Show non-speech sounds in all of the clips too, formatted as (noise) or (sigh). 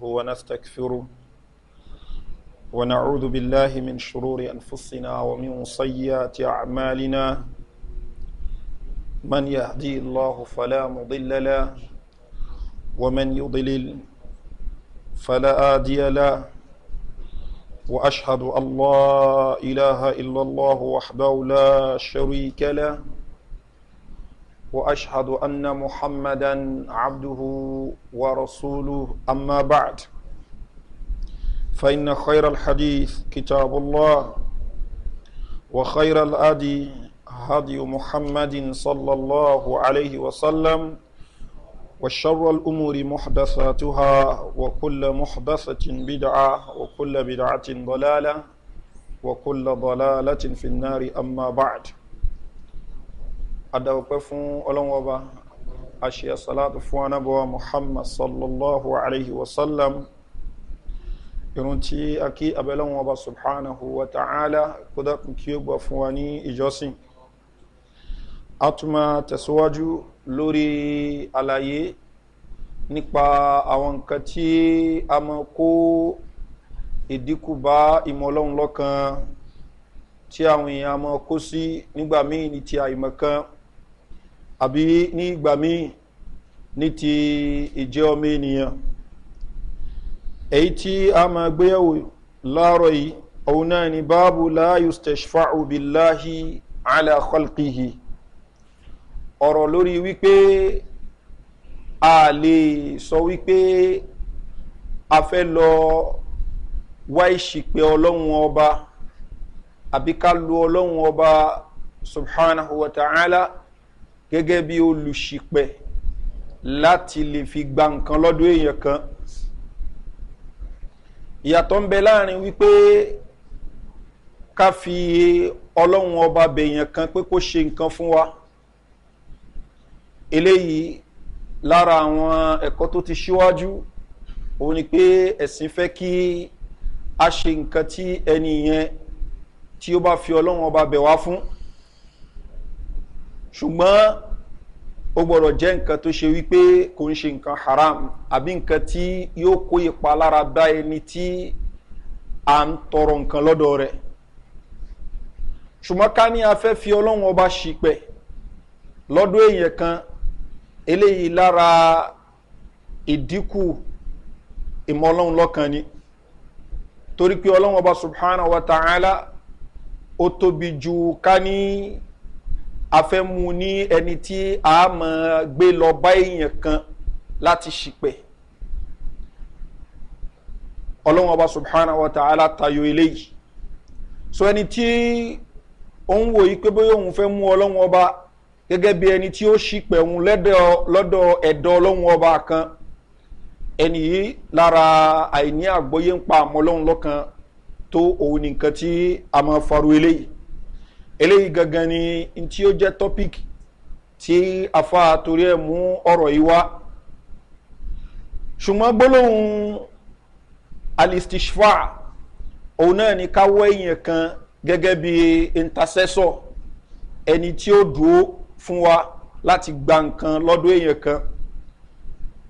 نحمده ونستكفره ونعوذ بالله من شرور أنفسنا ومن سيئات أعمالنا من يهدي الله فلا مضل له ومن يضلل فلا آدي له وأشهد أن لا إله إلا الله وحده لا شريك له واشهد ان محمدا عبده ورسوله اما بعد فان خير الحديث كتاب الله وخير الادي هدي محمد صلى الله عليه وسلم وشر الامور محدثاتها وكل محدثه بدعه وكل بدعه ضلاله وكل ضلاله في النار اما بعد adáwọ̀pẹ́ fún ọlọ́wọ́ ọba aṣíyà salatu fún anábọ̀wá muhammad sallallahu alayhi wa sallam irun tí a kí abẹ́lẹ́wọ̀n ọba subhanahu wa ta'ala kó dákun kí ó gbà fún wa ní ìjọsìn a tún tẹ̀síwájú lórí àlàyé nípa àwọn nǹkan tí a máa kó ìdínkù bá ìmọ̀ lọ́kan tí àwọn èèyàn máa kó sí nígbà míì ní ti àìmọ̀ àbí ní ìgbà míì ní ti ìjẹ́ ọmọ ènìyàn èyí tí a máa gbéyàwó láàárọ̀ yìí òun náà ni báàbù láàyò stashfa'u billahi ala khalqihi ọ̀rọ̀ lórí wípé a lè sọ wípé a fẹ́ lọ wá ìṣìpẹ́ ọlọ́run ọba àbí lu ọlọ́run ọba subhanahu wa ta'ala. ala gẹ́gẹ́ bí olùṣìpẹ̀ láti lè fi gba nǹkan lọ́dún èèyàn kan ìyàtọ̀ ń bẹ láàrin wípé ká fi ọlọ́run ọba bèèyàn kan pé kó ṣe nǹkan fún wa eléyìí lára àwọn ẹ̀kọ́ tó ti ṣíwájú òun ni pé ẹ̀sìn fẹ́ kí a ṣe nǹkan tí ẹni yẹn tí ó bá fi ọlọ́run ọba bẹ̀ wá fún. ṣùgbọ́n ó gbọ́dọ̀ jẹ́ nǹkan tó ṣe wípé kò ń ṣe nǹkan haram àbí nǹkan tí yóò kó ipa lára bá ẹni tí à ń tọrọ nǹkan lọ́dọ̀ rẹ̀ ṣùgbọ́n ká ní afẹ́ fi ọlọ́run ọba ṣìpẹ̀ lọ́dọ̀ èèyàn kan eléyìí lára ìdínkù lọ́kàn ni torí pé ọlọ́run ọba subhanahu wa ta'ala ju ká ní. afẹ́mu ní ẹni tí a mọ̀ gbé lọ bá èèyàn kan láti ṣìpẹ̀ ọlọ́run ọba subhanahu wa ta'ala tayo eléyìí so ẹni tí òun wò yí pé bóyá òun fẹ́ mú ọlọ́run ọba gẹ́gẹ́ bí ẹni tí ó ṣìpẹ̀ òun lọ́dọ̀ ẹ̀dọ́ ọlọ́run ọba kan ẹni yìí lára àìní àgbọ́yé ń pa àmọ́ ọlọ́run lọ́kan tó òun nìkan tí a mọ̀ faru eléyìí eléyìí gangan ni tí ó jẹ́ topic tí afa torí ẹ̀ mú ọ̀rọ̀ yìí wá ṣùgbọ́n gbólóhùn alistishfa òun náà ni káwọ́ èèyàn kan gẹ́gẹ́ bí intercessor ẹni tí ó dúró fún wa láti gba nǹkan lọ́dọ̀ èèyàn kan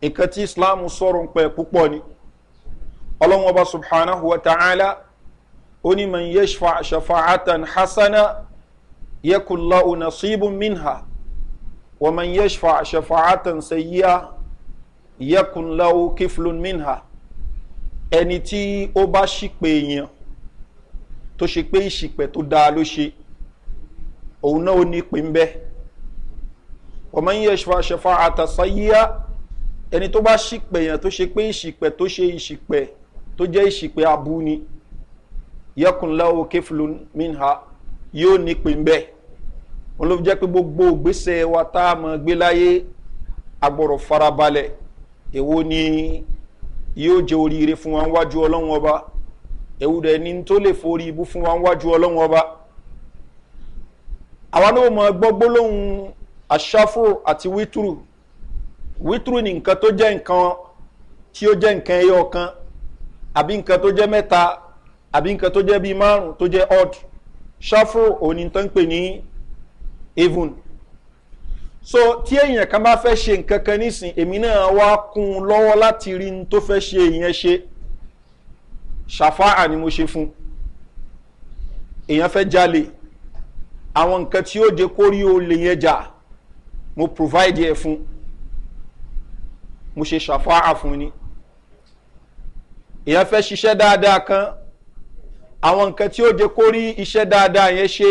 nǹkan tí islam sọ̀rọ̀ ń pẹ́ púpọ̀ ni ọlọ́run ọba subhanahu wa ta'ala ó ní mọ̀ ń يكن له نصيب منها ومن يشفع شفاعة سيئة يكن له كفل منها ẹni tí ó bá ṣìpè èèyàn tó ṣe pé ìṣìpẹ̀ tó dáa ló ṣe òun náà ó ní pè ń bẹ́ ọmọ yíyẹ ṣẹfà àtàsáyíyá ẹni tó bá ṣìpẹ̀ èèyàn tó ṣe pé ìṣìpẹ̀ tó ṣe ìṣìpẹ̀ tó jẹ́ ìṣìpẹ̀ abú ni yẹkùnláwó keflon minha yóò ní pè ń bẹ́ẹ̀ wọn ló fi jẹ́ pé gbogbo ògbésẹ̀ wa tá a mọ̀ gbé láyé agbọ̀rọ̀ farabalẹ̀ èwo ni yóò jẹ́ oríire fún wa níwájú ọlọ́run ọba èwo dẹ̀ ni tó lè forí ibú fún wa níwájú ọlọ́run ọba àwa náà mọ̀ gbọ́gbó lóhun aṣáfò àti wítúrù wítúrù ni nǹkan tó jẹ́ nǹkan tí ó jẹ́ nǹkan ẹyọ kan àbí nǹkan tó jẹ́ mẹ́ta àbí nǹkan tó jẹ́ bíi márùn-ún tó jẹ́ odd ṣáfò òní tó ń pè ní even so tí èèyàn kan bá fẹ́ ṣe nǹkan kan nísìn èmi náà wá kún un lọ́wọ́ láti rí n tó fẹ́ ṣe ìyẹn ṣe ṣàfáà ni mo ṣe fún èèyàn fẹ́ jalè àwọn nǹkan tí ó de kórí olè yẹn jà mo provide ẹ fún mo ṣe ṣàfáà fún ni èèyàn fẹ́ ṣiṣẹ́ dáadáa kan àwọn nǹkan tí ó de kórí iṣẹ́ dáadáa yẹn ṣe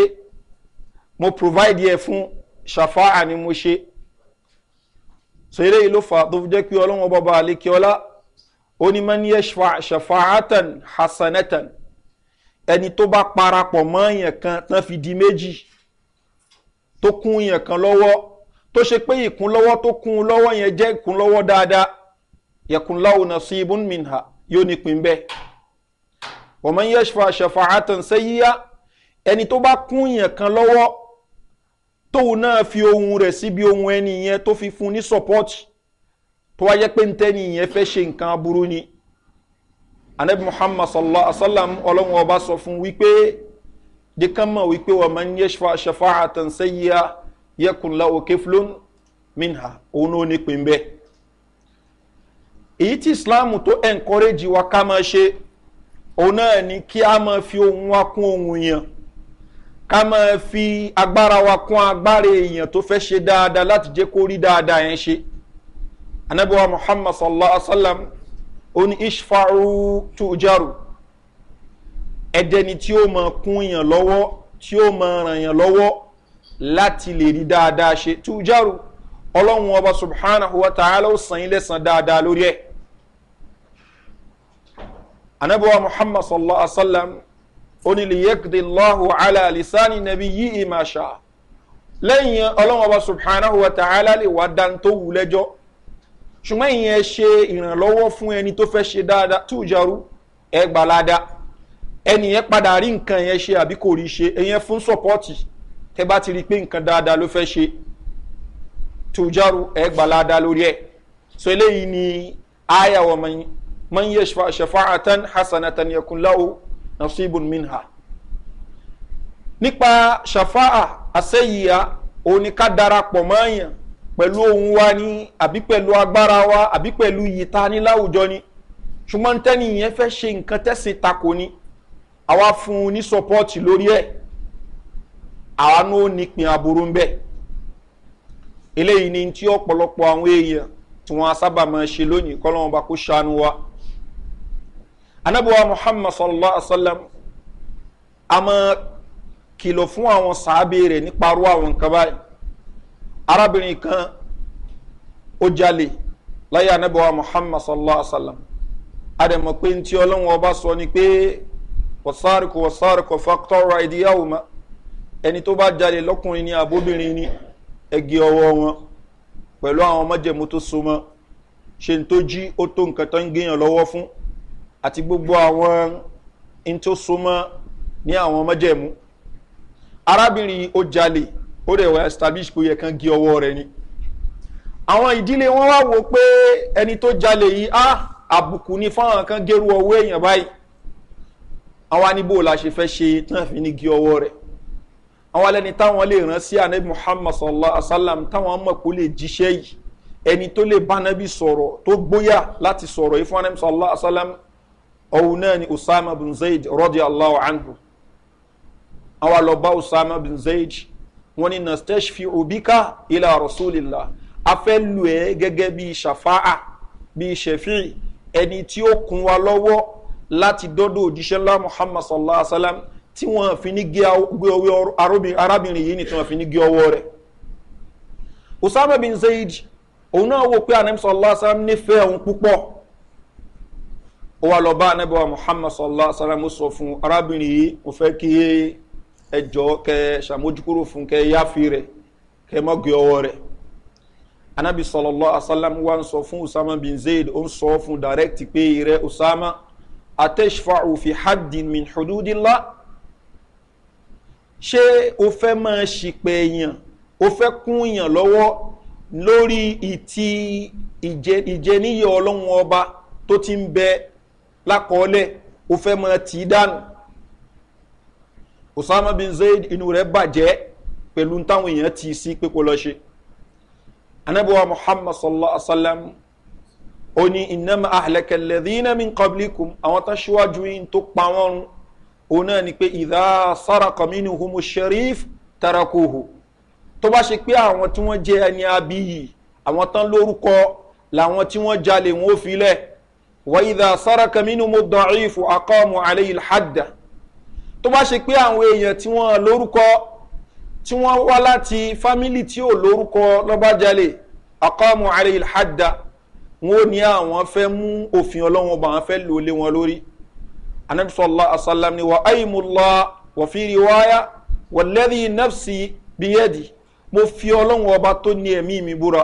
mo provide yẹ fún ṣàfáà ni mo ṣe so eléyìí ló fà tó fi jẹ́ pé ọlọ́wọ́n bàbá alekeola onímọ̀niyẹ ṣàfáàtàn hasanatan ẹni tó bá parapọ̀ mọ́ yẹn kan tán fi di méjì tó kún yẹn kan lọ́wọ́ tó ṣe pé ìkúnlọ́wọ́ tó kún lọ́wọ́ yẹn jẹ́ ìkúnlọ́wọ́ dáadáa yẹkùnláwò náà sí ibùn minha yóò nípìn bẹ́ẹ̀ wọ́n mọ̀ ń yẹ ṣàfáàtàn sẹ́yíyá ẹni tó bá kún yẹn kan lọ́wọ́ tóun náà fi ohun rẹ̀ síbi ohun ẹni yẹn tó fi fún ní support tó wáyé pé ń tẹ́ni yẹn fẹ́ ṣe nǹkan aburú ni anabi muhammad sallallahu alaihi wa sallam ọlọ́run ọba sọ fún wípé dìkan mọ̀ wípé wọ́n máa ń yẹ ṣàfà àtànṣẹ́yà yẹkùnlá òkè flon minha òun ò ní pín bẹ́ẹ̀ èyí tí islam tó encourage wa ká máa ṣe òun náà ni kí a máa fi ohun wa kún ohun yẹn ká máa fi agbára wa kún agbára èèyàn tó fẹ́ ṣe dáadáa láti jẹ́ kó rí dáadáa yẹn ṣe anabiwa muhammad sallallahu alaihi wa sallam oní ishfaru tujaru ẹdẹni tí ó máa kún yàn lọ́wọ́ tí ó máa ràn yàn lọ́wọ́ láti lè rí dáadáa ṣe tujaru ọlọ́run ọba subhanahu wa ta'ala ó sàn yín lẹ́sàn dáadáa lórí ẹ̀ anabiwa muhammad sallallahu alaihi wa sallam onílẹ̀yẹ́kìdì lọ́hùn alàlìsáni nàbí yí ìmàṣà lẹ́yìn ọlọ́wọ́n ọba subhanahu wa ta'ala lè wá dan tó wù lẹ́jọ́ ṣùgbọ́n ìyẹn ṣe ìrànlọ́wọ́ fún ẹni tó fẹ́ ṣe dáadáa tó jarú ẹ gbàlada ẹni yẹn padà rí nǹkan yẹn ṣe àbí kò rí ṣe ìyẹn fún sọ́pọ́ọ̀tì tẹ bá ti rí pé nǹkan dáadáa ló fẹ́ ṣe tó jarú ẹ lórí ẹ so eléyìí ni ayawa man yẹ ṣẹfà atan hasanatan yẹkun láwo nasibun minha nípa shafaa àṣẹyìá òun ni ká darapọ̀ mọ́yàn pẹ̀lú ohun wa ni àbí pẹ̀lú agbára wa àbí pẹ̀lú ìyíta ní láwùjọ ni ṣùgbọ́n tẹ́ni yẹn fẹ́ ṣe nǹkan tẹ́sìn tako ni àwa fún un ní sọpọ́ọ̀tì lórí ẹ̀ àwa náà nípìn aburú ń bẹ̀ eléyìí ni tí ọ̀pọ̀lọpọ̀ àwọn èèyàn tí wọ́n sábà máa ṣe lónìí kọ́lọ́wọ́n bá kó ṣàánú wa anabiwa muhammad sallallahu alaihi wa sallam a máa kìlọ̀ fún àwọn sàábé rẹ̀ nípa arú àwọn nǹkan báyìí arábìnrin kan ó jalè láyé anabiwa muhammad sallallahu alaihi wa sallam adẹ̀mọ̀ pé ntí ọlọ́run ọba sọ ni pé wọ́sárìkò wọ́sárìkò fàtọ́rọ̀ ìdíyàwó ma ẹni tó bá jalè lọ́kùnrin ni àbóbìnrin ni ẹgì ọwọ́ wọn pẹ̀lú àwọn ọmọjẹ̀mú tó so mọ́ ṣe ń tó jí ó tó nǹkan tó ń gbéyàn lọ́wọ́ fún àti gbogbo àwọn in tó súnmọ́ ní àwọn mọ́jẹ̀mú arábìnrin ó jalè ó rẹ̀ wá establish pé ó yẹ kán gé ọwọ́ rẹ̀ ni àwọn ìdílé wọn wá wo pé ẹni tó jalè yìí á ah, àbùkù ni fáwọn kan gérú ọwọ́ èèyàn báyìí àwọn aníbò la ṣe fẹ́ ṣe tán fi ní gé ọwọ́ rẹ̀ àwọn alẹ́ni táwọn lè rán sí anabi muhammad sallallahu alaihi wa sallam táwọn mọ̀ kó lè jíṣẹ́ yìí ẹni tó lè bá anabi sọ̀rọ̀ tó gbóyà láti sọ̀rọ̀ yìí fún anabi sallallahu alaihi wa sallam òun náà ni usama bin zayd rọ́dí allahu anhu àwọn àlọ́bá usama bin zayd wọ́n ní nastesh fi obika ilà rasulillah afẹ́ lu ẹ́ gẹ́gẹ́ bí shafa'a bí shafi'i ẹni tí ó kun wa lọ́wọ́ láti dọ́dọ̀ òjíṣẹ́ ńlá muhammad sallallahu alaihi wa sallam tí wọ́n fi ní gé ọwọ́ arábìnrin yìí ni tí wọ́n fi ní gé ọwọ́ rẹ̀ usama bin zayd òun náà wò pé anamsa allah sallam nífẹ̀ẹ́ òun púpọ̀ ó wá lọ bá anabi wa muhammad sallallahu alaihi wa sallam sọ fún arábìnrin yìí mo fẹ́ kí ẹjọ́ kẹ ṣàmójúkúrò fún kẹ yáfi rẹ kẹ mọ́ gbé ọwọ́ rẹ anabi sallallahu alaihi wa sallam wá ń sọ fún usama bin zayd ó ń sọ fún direct pé rẹ usama atẹ́sfàù fi haddin min hududilá ṣé o fẹ́ máa ṣìpẹ̀ èèyàn o fẹ́ kún èèyàn lọ́wọ́ lórí ìtì ìjẹníyẹ ọlọ́run ọba tó ti ń bẹ lákọọ́lẹ̀ ó fẹ́ mọ tì í dànù osama bin zayd inú rẹ̀ bàjẹ́ pẹ̀lú táwọn èèyàn tì í sí pé kó lọ ṣe anabiwa muhammad sallallahu alaihi wa sallam ó ní ìnáma ahlẹ́kẹ̀lẹ́dínà mi kọ́blíkùn àwọn tó ṣíwájú yìí tó pa wọ́n ni pé ìdá sárakọ̀ mínú humu sharif tarakohu tó bá ṣe pé àwọn tí wọ́n jẹ́ ẹni abiyì àwọn tán lórúkọ làwọn tí wọ́n jalè wọn ò filẹ̀ wàyídà sáraka mínú mo dọ̀rí ìfò akọ́mu alẹ́ ìlhàdà tó bá ṣe pé àwọn èèyàn tí wọ́n lórúkọ tí wọ́n wá láti fámílì tí ò lórúkọ lọ́bàjálè akọ́mu alẹ́ ìlhàdà wọn ò ní àwọn fẹ́ mú òfin ọlọ́wọ́n bá wọn fẹ́ lò lé wọn lórí anabisọ́lá asálàm ni wà áyìmúlá wàfíìrì wáyà wàlẹ́rì nafsi bíyẹ́dì mo fi ọlọ́wọ́n ọba tó ní ẹ̀mí mi búra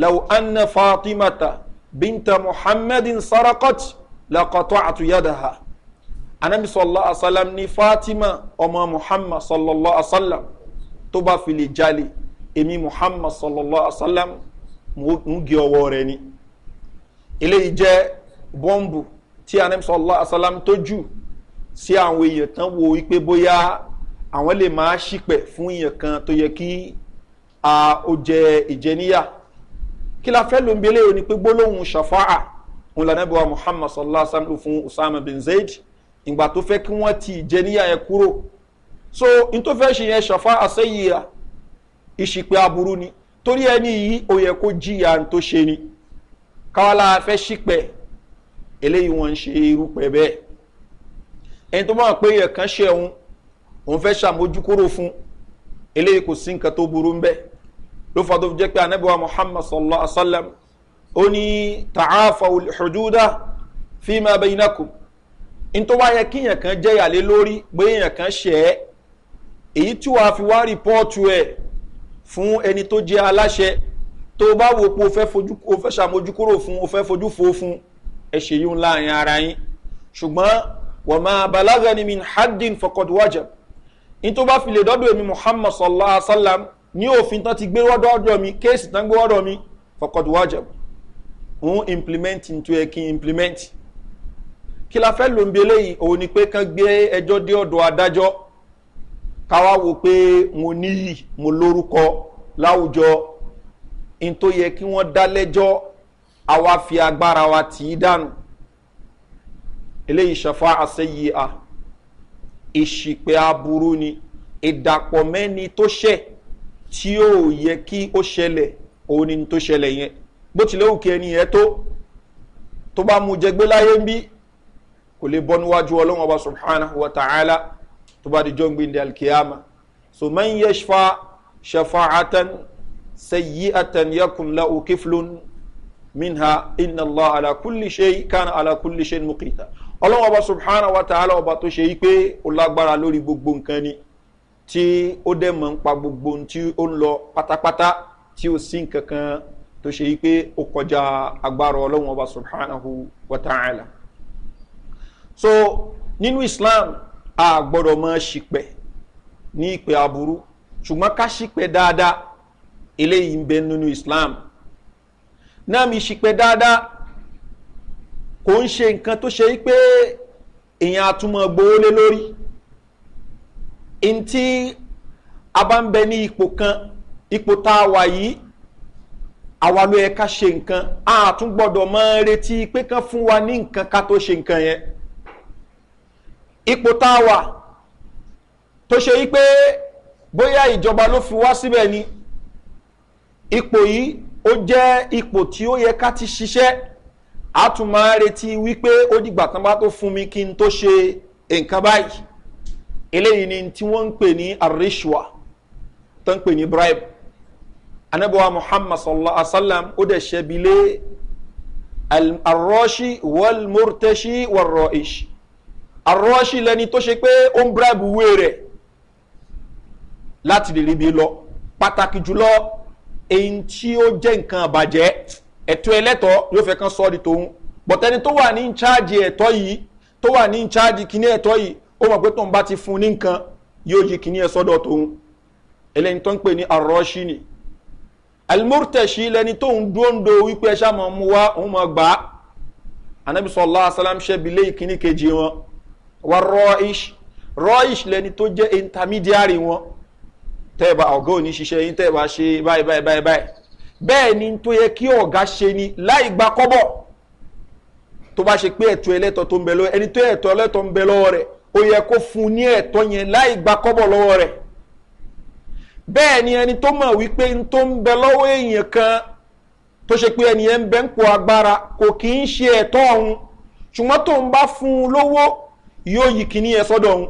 làwọn anna fatimata binta muhammadin sarakot lakọtọ àtúnyàdàhà anabi sọlá asalam ní fatima ọmọ muhammad sọlọlọ asalam tó bá fi lè jalè èmi muhammad sọlọlọ asalam ń gé ọwọ́ rẹ̀ ni eléyìí jẹ́ bọ́ǹbù tí anabi sọlá asalam tó jù sí àwọn èèyàn tán wo wípé bóyá àwọn lè máa ṣìpẹ̀ fún èèyàn kan tó yẹ kí ó jẹ ìjẹníyà Kila la fẹ́ ló ni pé gbólóhùn ṣàfáà ń lọ nẹ́bí wa muhammad sallallahu alaihi wa sallam fún usama bin zayd ìgbà tó fẹ́ kí wọ́n ti ìjẹníyà ẹ kúrò so n tó fẹ́ ṣe yẹn ṣàfáà sẹ́yìn ya ìṣìpẹ́ aburú ni torí ẹni yìí ó yẹ kó jìyà n tó ṣe ni káwálà fẹ́ ṣìpẹ́ eléyìí wọ́n ń ṣe irúpẹ́ bẹ́ẹ̀ ẹni tó máa pé yẹ kán ṣe òun òun fẹ́ ṣàmójúkúrò fún eléyìí kò sí nǹkan tó burú ń bẹ́ẹ̀ ló fà tó fi jẹ́ pé anábíwá muhammad sallallahu alaihi wa sallam ó ní tàáfà òjúdá fíìmà abẹ́yìnàkù ní tó bá yẹ kí èèyàn kan jẹ́ ìyàlé lórí pé èèyàn kan ṣẹ̀ ẹ́ èyí tí wàá fi wá rìpọ́ọ̀tù ẹ̀ fún ẹni tó jẹ́ aláṣẹ tó bá wò pé o fẹ́ ṣàmójúkúrò fún o fẹ́ fojú fo fún ẹ ṣe yín láàrin ara yín ṣùgbọ́n wọ́n máa balaga ni min haddin fọkọ̀dù wájà tó bá fi lè dọ́dọ̀ èmi muhammad sallallahu alaihi wa sallam ní òfin tán ti gbé wọ́dọ̀ ọ̀dọ̀ mi kéèsì tán gbé wọ́dọ̀ mi fọkọ̀tù wájà òun implement into ẹ kí n implement kí la fẹ́ ló ń bi eléyìí òun ni pé kán gbé ẹjọ́ dé ọ̀dọ̀ adájọ́ káwá wo pé mo níyì mo lórúkọ láwùjọ n tó yẹ kí wọ́n dá lẹ́jọ́ àwa fi agbára wa tì í dànù eléyìí ṣàfà àṣeyìí a ìṣìpẹ́ aburú ni ìdàpọ̀ mẹ́ni tó ṣẹ̀ tí ó yẹ kí ó ṣẹlẹ̀ òun ni tó ṣẹlẹ̀ yẹn bó tilẹ̀ òkè ẹni yẹn tó tó bá mu jẹgbé láyé ń bí kò lè bọ́ níwájú ọlọ́run ọba subhanahu wa ta'ala tó bá di jọ́ ń gbé ndé alkiyama so man yẹ ṣfa ṣafa atan sayi atan yakun la okeflon minha inna allah ala kulli ṣe kan ala kulli ṣe mukita ọlọ́run ọba subhanahu wa ta'ala ọba tó ṣe yí pé ó lágbára lórí gbogbo nǹkan ni tí ó dẹ̀ mọ̀ ń pa gbogbo ohun tí ó ń lọ pátápátá tí ó sí nǹkan kan tó ṣe yí pé ó kọjá agbára ọlọ́run ọba subhanahu wa ta'ala so nínú islam a gbọ́dọ̀ mọ́ ṣìpẹ̀ ní ìpè aburú ṣùgbọ́n ká ṣìpẹ̀ dáadáa eléyìí ń bẹ nínú islam náà mi ṣìpẹ̀ dáadáa kò ń ṣe nǹkan tó ṣe yí pé èèyàn àtúmọ̀ gbowó lé lórí ntí a bá ń bẹ ní ipò kan ipò tá a wà yìí àwa ló yẹ ká ṣe nǹkan a tún gbọ́dọ̀ máa retí pé kán fún wa ní nǹkan ká tó ṣe nǹkan yẹn ipò tá a wà tó ṣe yí pé bóyá ìjọba ló fi wá síbẹ̀ ni ipò yìí ó jẹ́ ipò tí ó yẹ ká ti ṣiṣẹ́ a tún máa retí wípé ó dìgbà tán bá tó fún mi kí n tó ṣe nǹkan báyìí eléyìí ni tí wọ́n ń pè ní arishwa tó ń pè ní bribe anabiwa muhammad sallallahu alaihi wa sallam ó dẹ̀ ṣẹbilé arọ́ṣì wọ́lmọ́tẹ́ṣì wọ́rọ̀ ìṣì arọ́ṣì lẹni tó ṣe pé ó ń bribe wé rẹ̀ láti lè ríbi lọ pàtàkì jùlọ èyí tí ó jẹ́ nǹkan àbàjẹ́ ẹ̀tọ́ ẹlẹ́tọ́ yóò fẹ́ kán sọ́ọ́ di tòun bọ̀tẹ́ni tó wà ní ń ṣáàjì ẹ̀tọ́ yìí tó wà ní ń ṣáàjì kíní ẹ̀tọ́ yìí ó mọ̀ pé tóun bá ti fún ní nǹkan yóò yí kìíní ẹ sọ́dọ̀ tóun eléyìí tó ń pè ní arọ́ṣì ni alimọ́tẹ̀ṣì lẹni tóun dúró ń do wípé ẹṣá máa mú wá òun máa gbà á anabi sọlá asalam ṣẹbi ìkíní kejì wọn wa rọ́ìṣ rọ́ìṣ lẹni tó jẹ́ intermediary wọn tẹ́ ẹ bá ọ̀gá òní ṣiṣẹ́ yín tẹ́ ẹ bá ṣe báyìí báyìí báyìí bẹ́ẹ̀ ni tó yẹ kí ọ̀gá ṣe ni láì gba kọ́bọ̀ tó bá ṣe pé ẹ̀tọ́ ẹlẹ́tọ̀ tó ń bẹ lọ́wọ́ ẹni tó ẹ̀tọ́ ẹlẹ́tọ̀ ń bẹ lọ́wọ́ rẹ̀ ó yẹ kó fún un ní ẹ̀tọ́ yẹn láì gba kọ́bọ̀ lọ́wọ́ rẹ̀ bẹ́ẹ̀ ni ẹni tó mọ̀ wípé n tó ń bẹ lọ́wọ́ èèyàn kan tó ṣe pé ẹni yẹn ń bẹ ń po agbára kò kì í ṣe ẹ̀tọ́ ọ̀hún ṣùgbọ́n tó ń bá fún un lówó yóò yí kíní yẹn sọ́dọ̀ ọ̀hún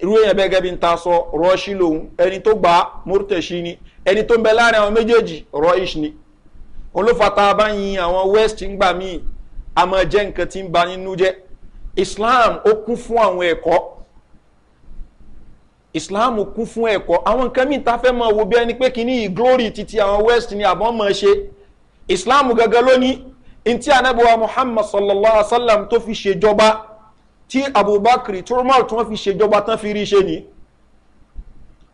irú èèyàn bẹ́ẹ̀ gẹ́gẹ́ bí ta sọ rọ́ọ̀ṣì lòun ẹni tó gbà á mórítẹ̀ṣì ni ẹni tó ń bẹ láàrin àwọn méjèèjì rọ́ọ̀ṣì ni olófàtà bá yin àwọn west ń gbà míì àmọ́ jẹ́ nǹkan tí ń ba nínú jẹ́ islam ó kún fún àwọn ẹ̀kọ́ islam kún fún ẹ̀kọ́ àwọn nǹkan mìíràn tá fẹ́ máa wo bí ẹni pé kí ní glory titi àwọn west ni àbọ̀ máa ṣe islam gangan lónìí ntí anabiwa muhammad sallallahu alaihi wa sallam tó fi ṣèjọba tí abubakar tí umar tí wọ́n fi ṣèjọba tán fi rí ṣe ni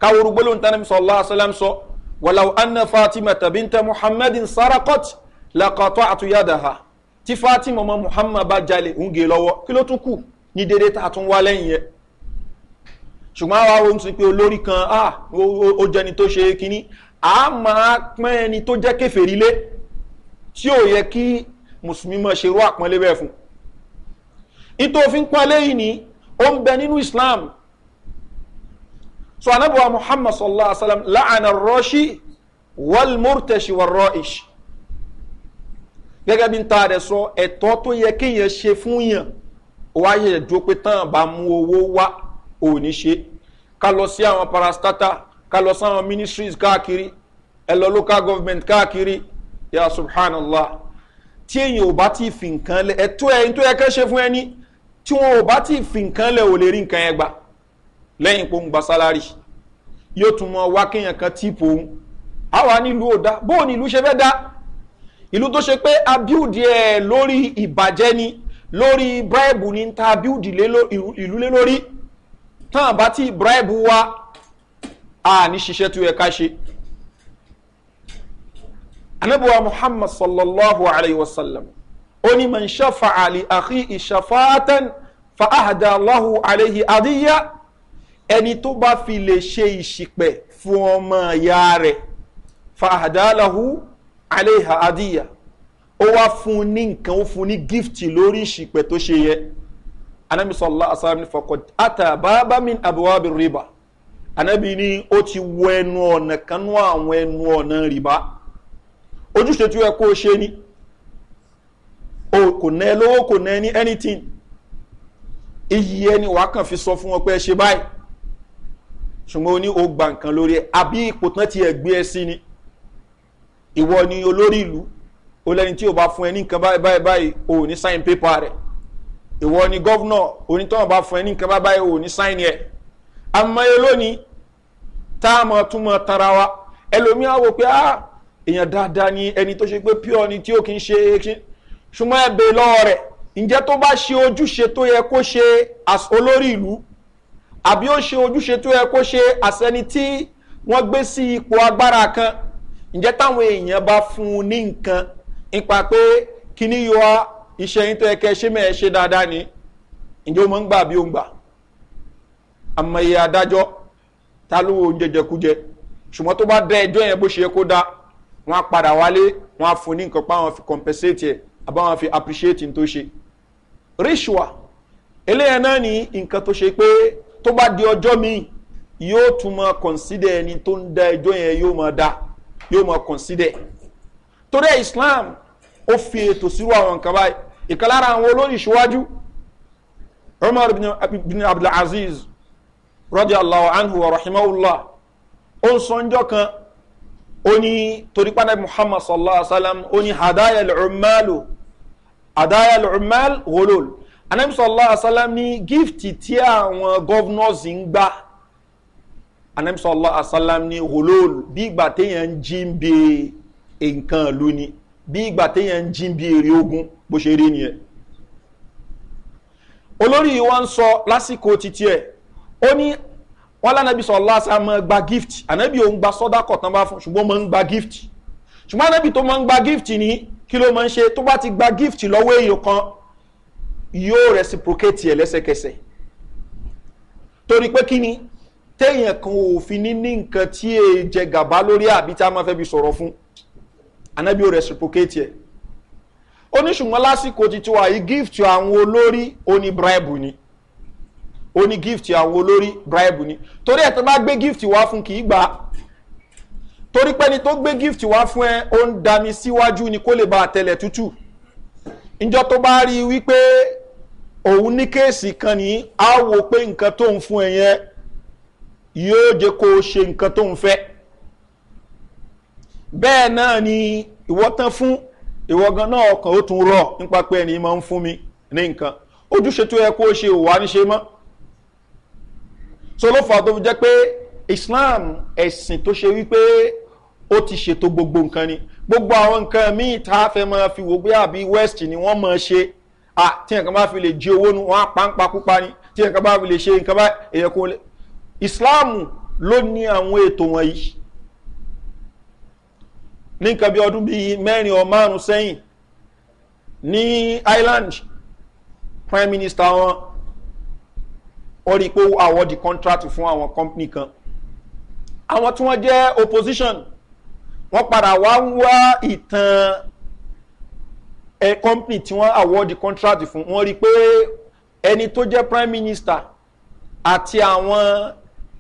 káwòrú gbólóhùn tán ní sallallahu alaihi wa sallam sọ wàlàwù anna fatima tàbí ntẹ muhammadin sarakot làkàtọ́ àtúnyàdàhà tí fatima ọmọ muhammad bá jalè ń gé lọ́wọ́ kí ló tún kù ní dédé tá a tún wá lẹ́yìn yẹn ṣùgbọ́n àwa ohun ti pé olórí kan ó jẹni tó ṣe kínní a máa pín ẹni tó jẹ́ kẹfẹ́rí lé tí ò yẹ kí mùsùlùmí mọ̀ ṣerú àpọ́nlé bẹ́ẹ̀ fún nítòfin pọ́nlé yìí ni ó ń bẹ nínú islam so anabuwa muhammad sallallahu alaihi wa sallam la'ana rọ́ṣì wal murtashi wa rọ́ṣì gẹ́gẹ́ bí n ta rẹ̀ sọ ẹ̀tọ́ tó yẹ kéèyàn ṣe fún yàn ó wá yẹ dúró pé tán bá mú owó wá ò ṣe ká lọ sí àwọn parastata ká lọ sí àwọn ministries káàkiri ẹ lọ local government káàkiri ya subhanallah tí èyàn ò bá ti fi nǹkan lẹ ẹ̀tọ́ ẹ̀yìn tó yẹ kẹ́ ṣe fún ẹni tí wọn ò bá ti fi nǹkan lẹ ò lè rí nǹkan yẹn gbà lẹ́yìn pé òun gba sálárì yóò tún mọ wá kéèyàn kan tíìpù òun àwa nílùú ò dá bóun nílùú ṣe fẹ́ dá ìlú tó ṣe pé abíùdì ẹ̀ lórí ìbàjẹ́ ni lórí bíráìbù ni ta abíùdì ìlú lé lórí tán àbá tí bíráìbù wá a ní ṣiṣẹ́ tó yẹ ká ṣe. anabuwa muhammad sallallahu alayhi wa sallam ó ní man ṣafa ali akhi ìṣàfàtàn fa ahada allahu alayhi adiya ẹni tó bá fi lè ṣe ìṣìpẹ̀ fún ọmọ ìyá rẹ̀ fa ahada allahu aléha adíyà ó wá fún un ní nǹkan ó fún un ní gífìtì lórí ìṣìpẹ̀ tó ṣe yẹ anabi sọlá asáàmì fọkọ ata bàbá mi àbúwá bí rìbá anabi ni ó ti wọ ẹnu ọ̀nà kanú àwọn ẹnu ọ̀nà rìbá ojúṣe tí ó yẹ kó o ṣe ni kò ná ẹ lówó kò ná ẹ ní anything iyì ẹni wàá kàn fi sọ fún wọn pé ẹ ṣe báyìí ṣùgbọ́n o ní o gba nǹkan lórí ẹ àbí ipò tán ti ẹ̀ gbé ẹ sí ni ìwọ ni olórí ìlú ó lẹ́ni tí ò bá fún ẹ ní nǹkan báyìí báyìí báyìí ò ní sáìn pépà rẹ̀ ìwọ ni gọ́vnọ̀ onítọ̀hún bá fún ẹ ní nǹkan báyìí báyìí ò ní sáìn ẹ̀ amáyé lónìí tá a mọ̀ tún mọ̀ tara wa ẹlòmíì á wò pé á ah, èèyàn dáadáa ni ẹni tó ṣe pé pure ni tí ó kì í ṣe ṣùgbọ́n ẹ bè lọ́wọ́ rẹ̀ ǹjẹ́ tó bá ṣe ojúṣe tó yẹ kó ṣe olórí ìlú àbí ó ṣe ojúṣe tó yẹ kó ṣe àsẹni tí wọ́n gbé sí ipò agbára kan ǹjẹ́ táwọn èèyàn bá fún un ní nǹkan ipa pé kíní yọ iṣẹ́ yín tó yẹ kẹ́ ṣé mẹ́ẹ̀ ṣe dáadáa ni ǹjẹ́ o mọ̀ ń gbà bí o ń gbà àmọ́ adájọ́ ta ló wo oúnjẹ jẹkújẹ ṣùgbọ́n tó bá dá ẹjọ́ yẹn bó ṣe yẹ kó dá wọn á padà wálé wọn á fún ní nǹkan pa wọn fi compensate ẹ̀ àbáwọn fi appreciate tó ṣe rishwa eléyẹn náà ní nǹkan tó ṣe pé tó bá di ọjọ́ míì yóò tún mọ consider ẹni tó ń da ẹjọ́ yẹn yóò mọ dáa yóò máa consider torí ẹ islam ó fi ètò sírú àwọn nǹkan báyìí ìkan àwọn olórí ìṣíwájú umar bin abdulaziz rọ́dí allahu anhu wa rahimahullah ó ń sọ ọjọ́ kan ó ní torípàdé muhammad sallallahu alaihi wa sallam ó ní hadaya al-ummalu hadaya al-ummal holol anabi sallallahu alaihi wa sallam ní gíftì tí àwọn governors ń gbà anamisọ́lá asálám ní holol bí ìgbà téèyàn ń jí ń bi nǹkan ìlú ni bí ìgbà téèyàn ń jí ń bi èrè ogun bó ṣe rí nìyẹn olórí yìí wọ́n ń sọ lásìkò títí ẹ̀ ó ní wọ́n lánàbí sọ lásà máa gba gift ànábì òun gba sọ́dá kọ̀tán bá fún ṣùgbọ́n máa ń gba gift ṣùgbọ́n ànábì tó máa ń gba gift ní kí ló máa ń ṣe tó bá ti gba gift lọ́wọ́ èèyàn kan yóò reciprocate ẹ̀ lẹ́sẹkẹsẹ torí pé kí ni téèyàn kan ò fi ní ní nǹkan tí è jẹ gàba lórí àbí tá a máa fẹ́ bi sọ̀rọ̀ fún anábì ò reciprocate ẹ̀ ó ní ṣùgbọ́n lásìkò ti tiwa gift àwọn olórí ó ní bribe ni ó ní gift àwọn olórí bribe ni torí ẹ̀ tó bá gbé gift wá fún kì í gbà á torí pẹ́ni tó gbé gift wá fún ẹ ó ń dami síwájú ni kó lè ba àtẹlẹ̀ tútù ìjọ tó bá rí i wípé òun ní kéèsì kan ní á wò pé nǹkan tó ń fún ẹ yẹn yóò jẹ́ kó o ṣe nǹkan tó ń fẹ́ bẹ́ẹ̀ náà ni ìwọ́ tán fún ìwọ́ gan náà ọkàn ó tún rọ̀ nípa pé ẹni máa ń fún mi ní nǹkan ojúṣe tó yẹ kó o ṣe ò wá mọ́ so ló fà tó fi jẹ́ pé islam ẹ̀sìn tó ṣe wípé ó ti ṣètò gbogbo nǹkan ni gbogbo àwọn nǹkan míì tá a fẹ́ máa fi wò pé àbí west ni wọ́n máa ṣe à tí nǹkan bá fi lè jí owó nu wọ́n á pa ń pa púpa ni tí nǹkan bá fi lè ṣe nǹkan bá èèyàn kò lè ìsìláàmù ló ní àwọn ètò wọ̀nyí ní nǹkan bí ọdún bíi mẹ́rin ọ márùn sẹ́yìn ní ireland prime minister wọn ó rí i di contract fún àwọn company kan àwọn tí wọ́n jẹ́ opposition wọ́n padà wá ń wá ìtàn ẹ company tí wọ́n award contract fún wọ́n rí i pé ẹni tó jẹ́ prime minister àti àwọn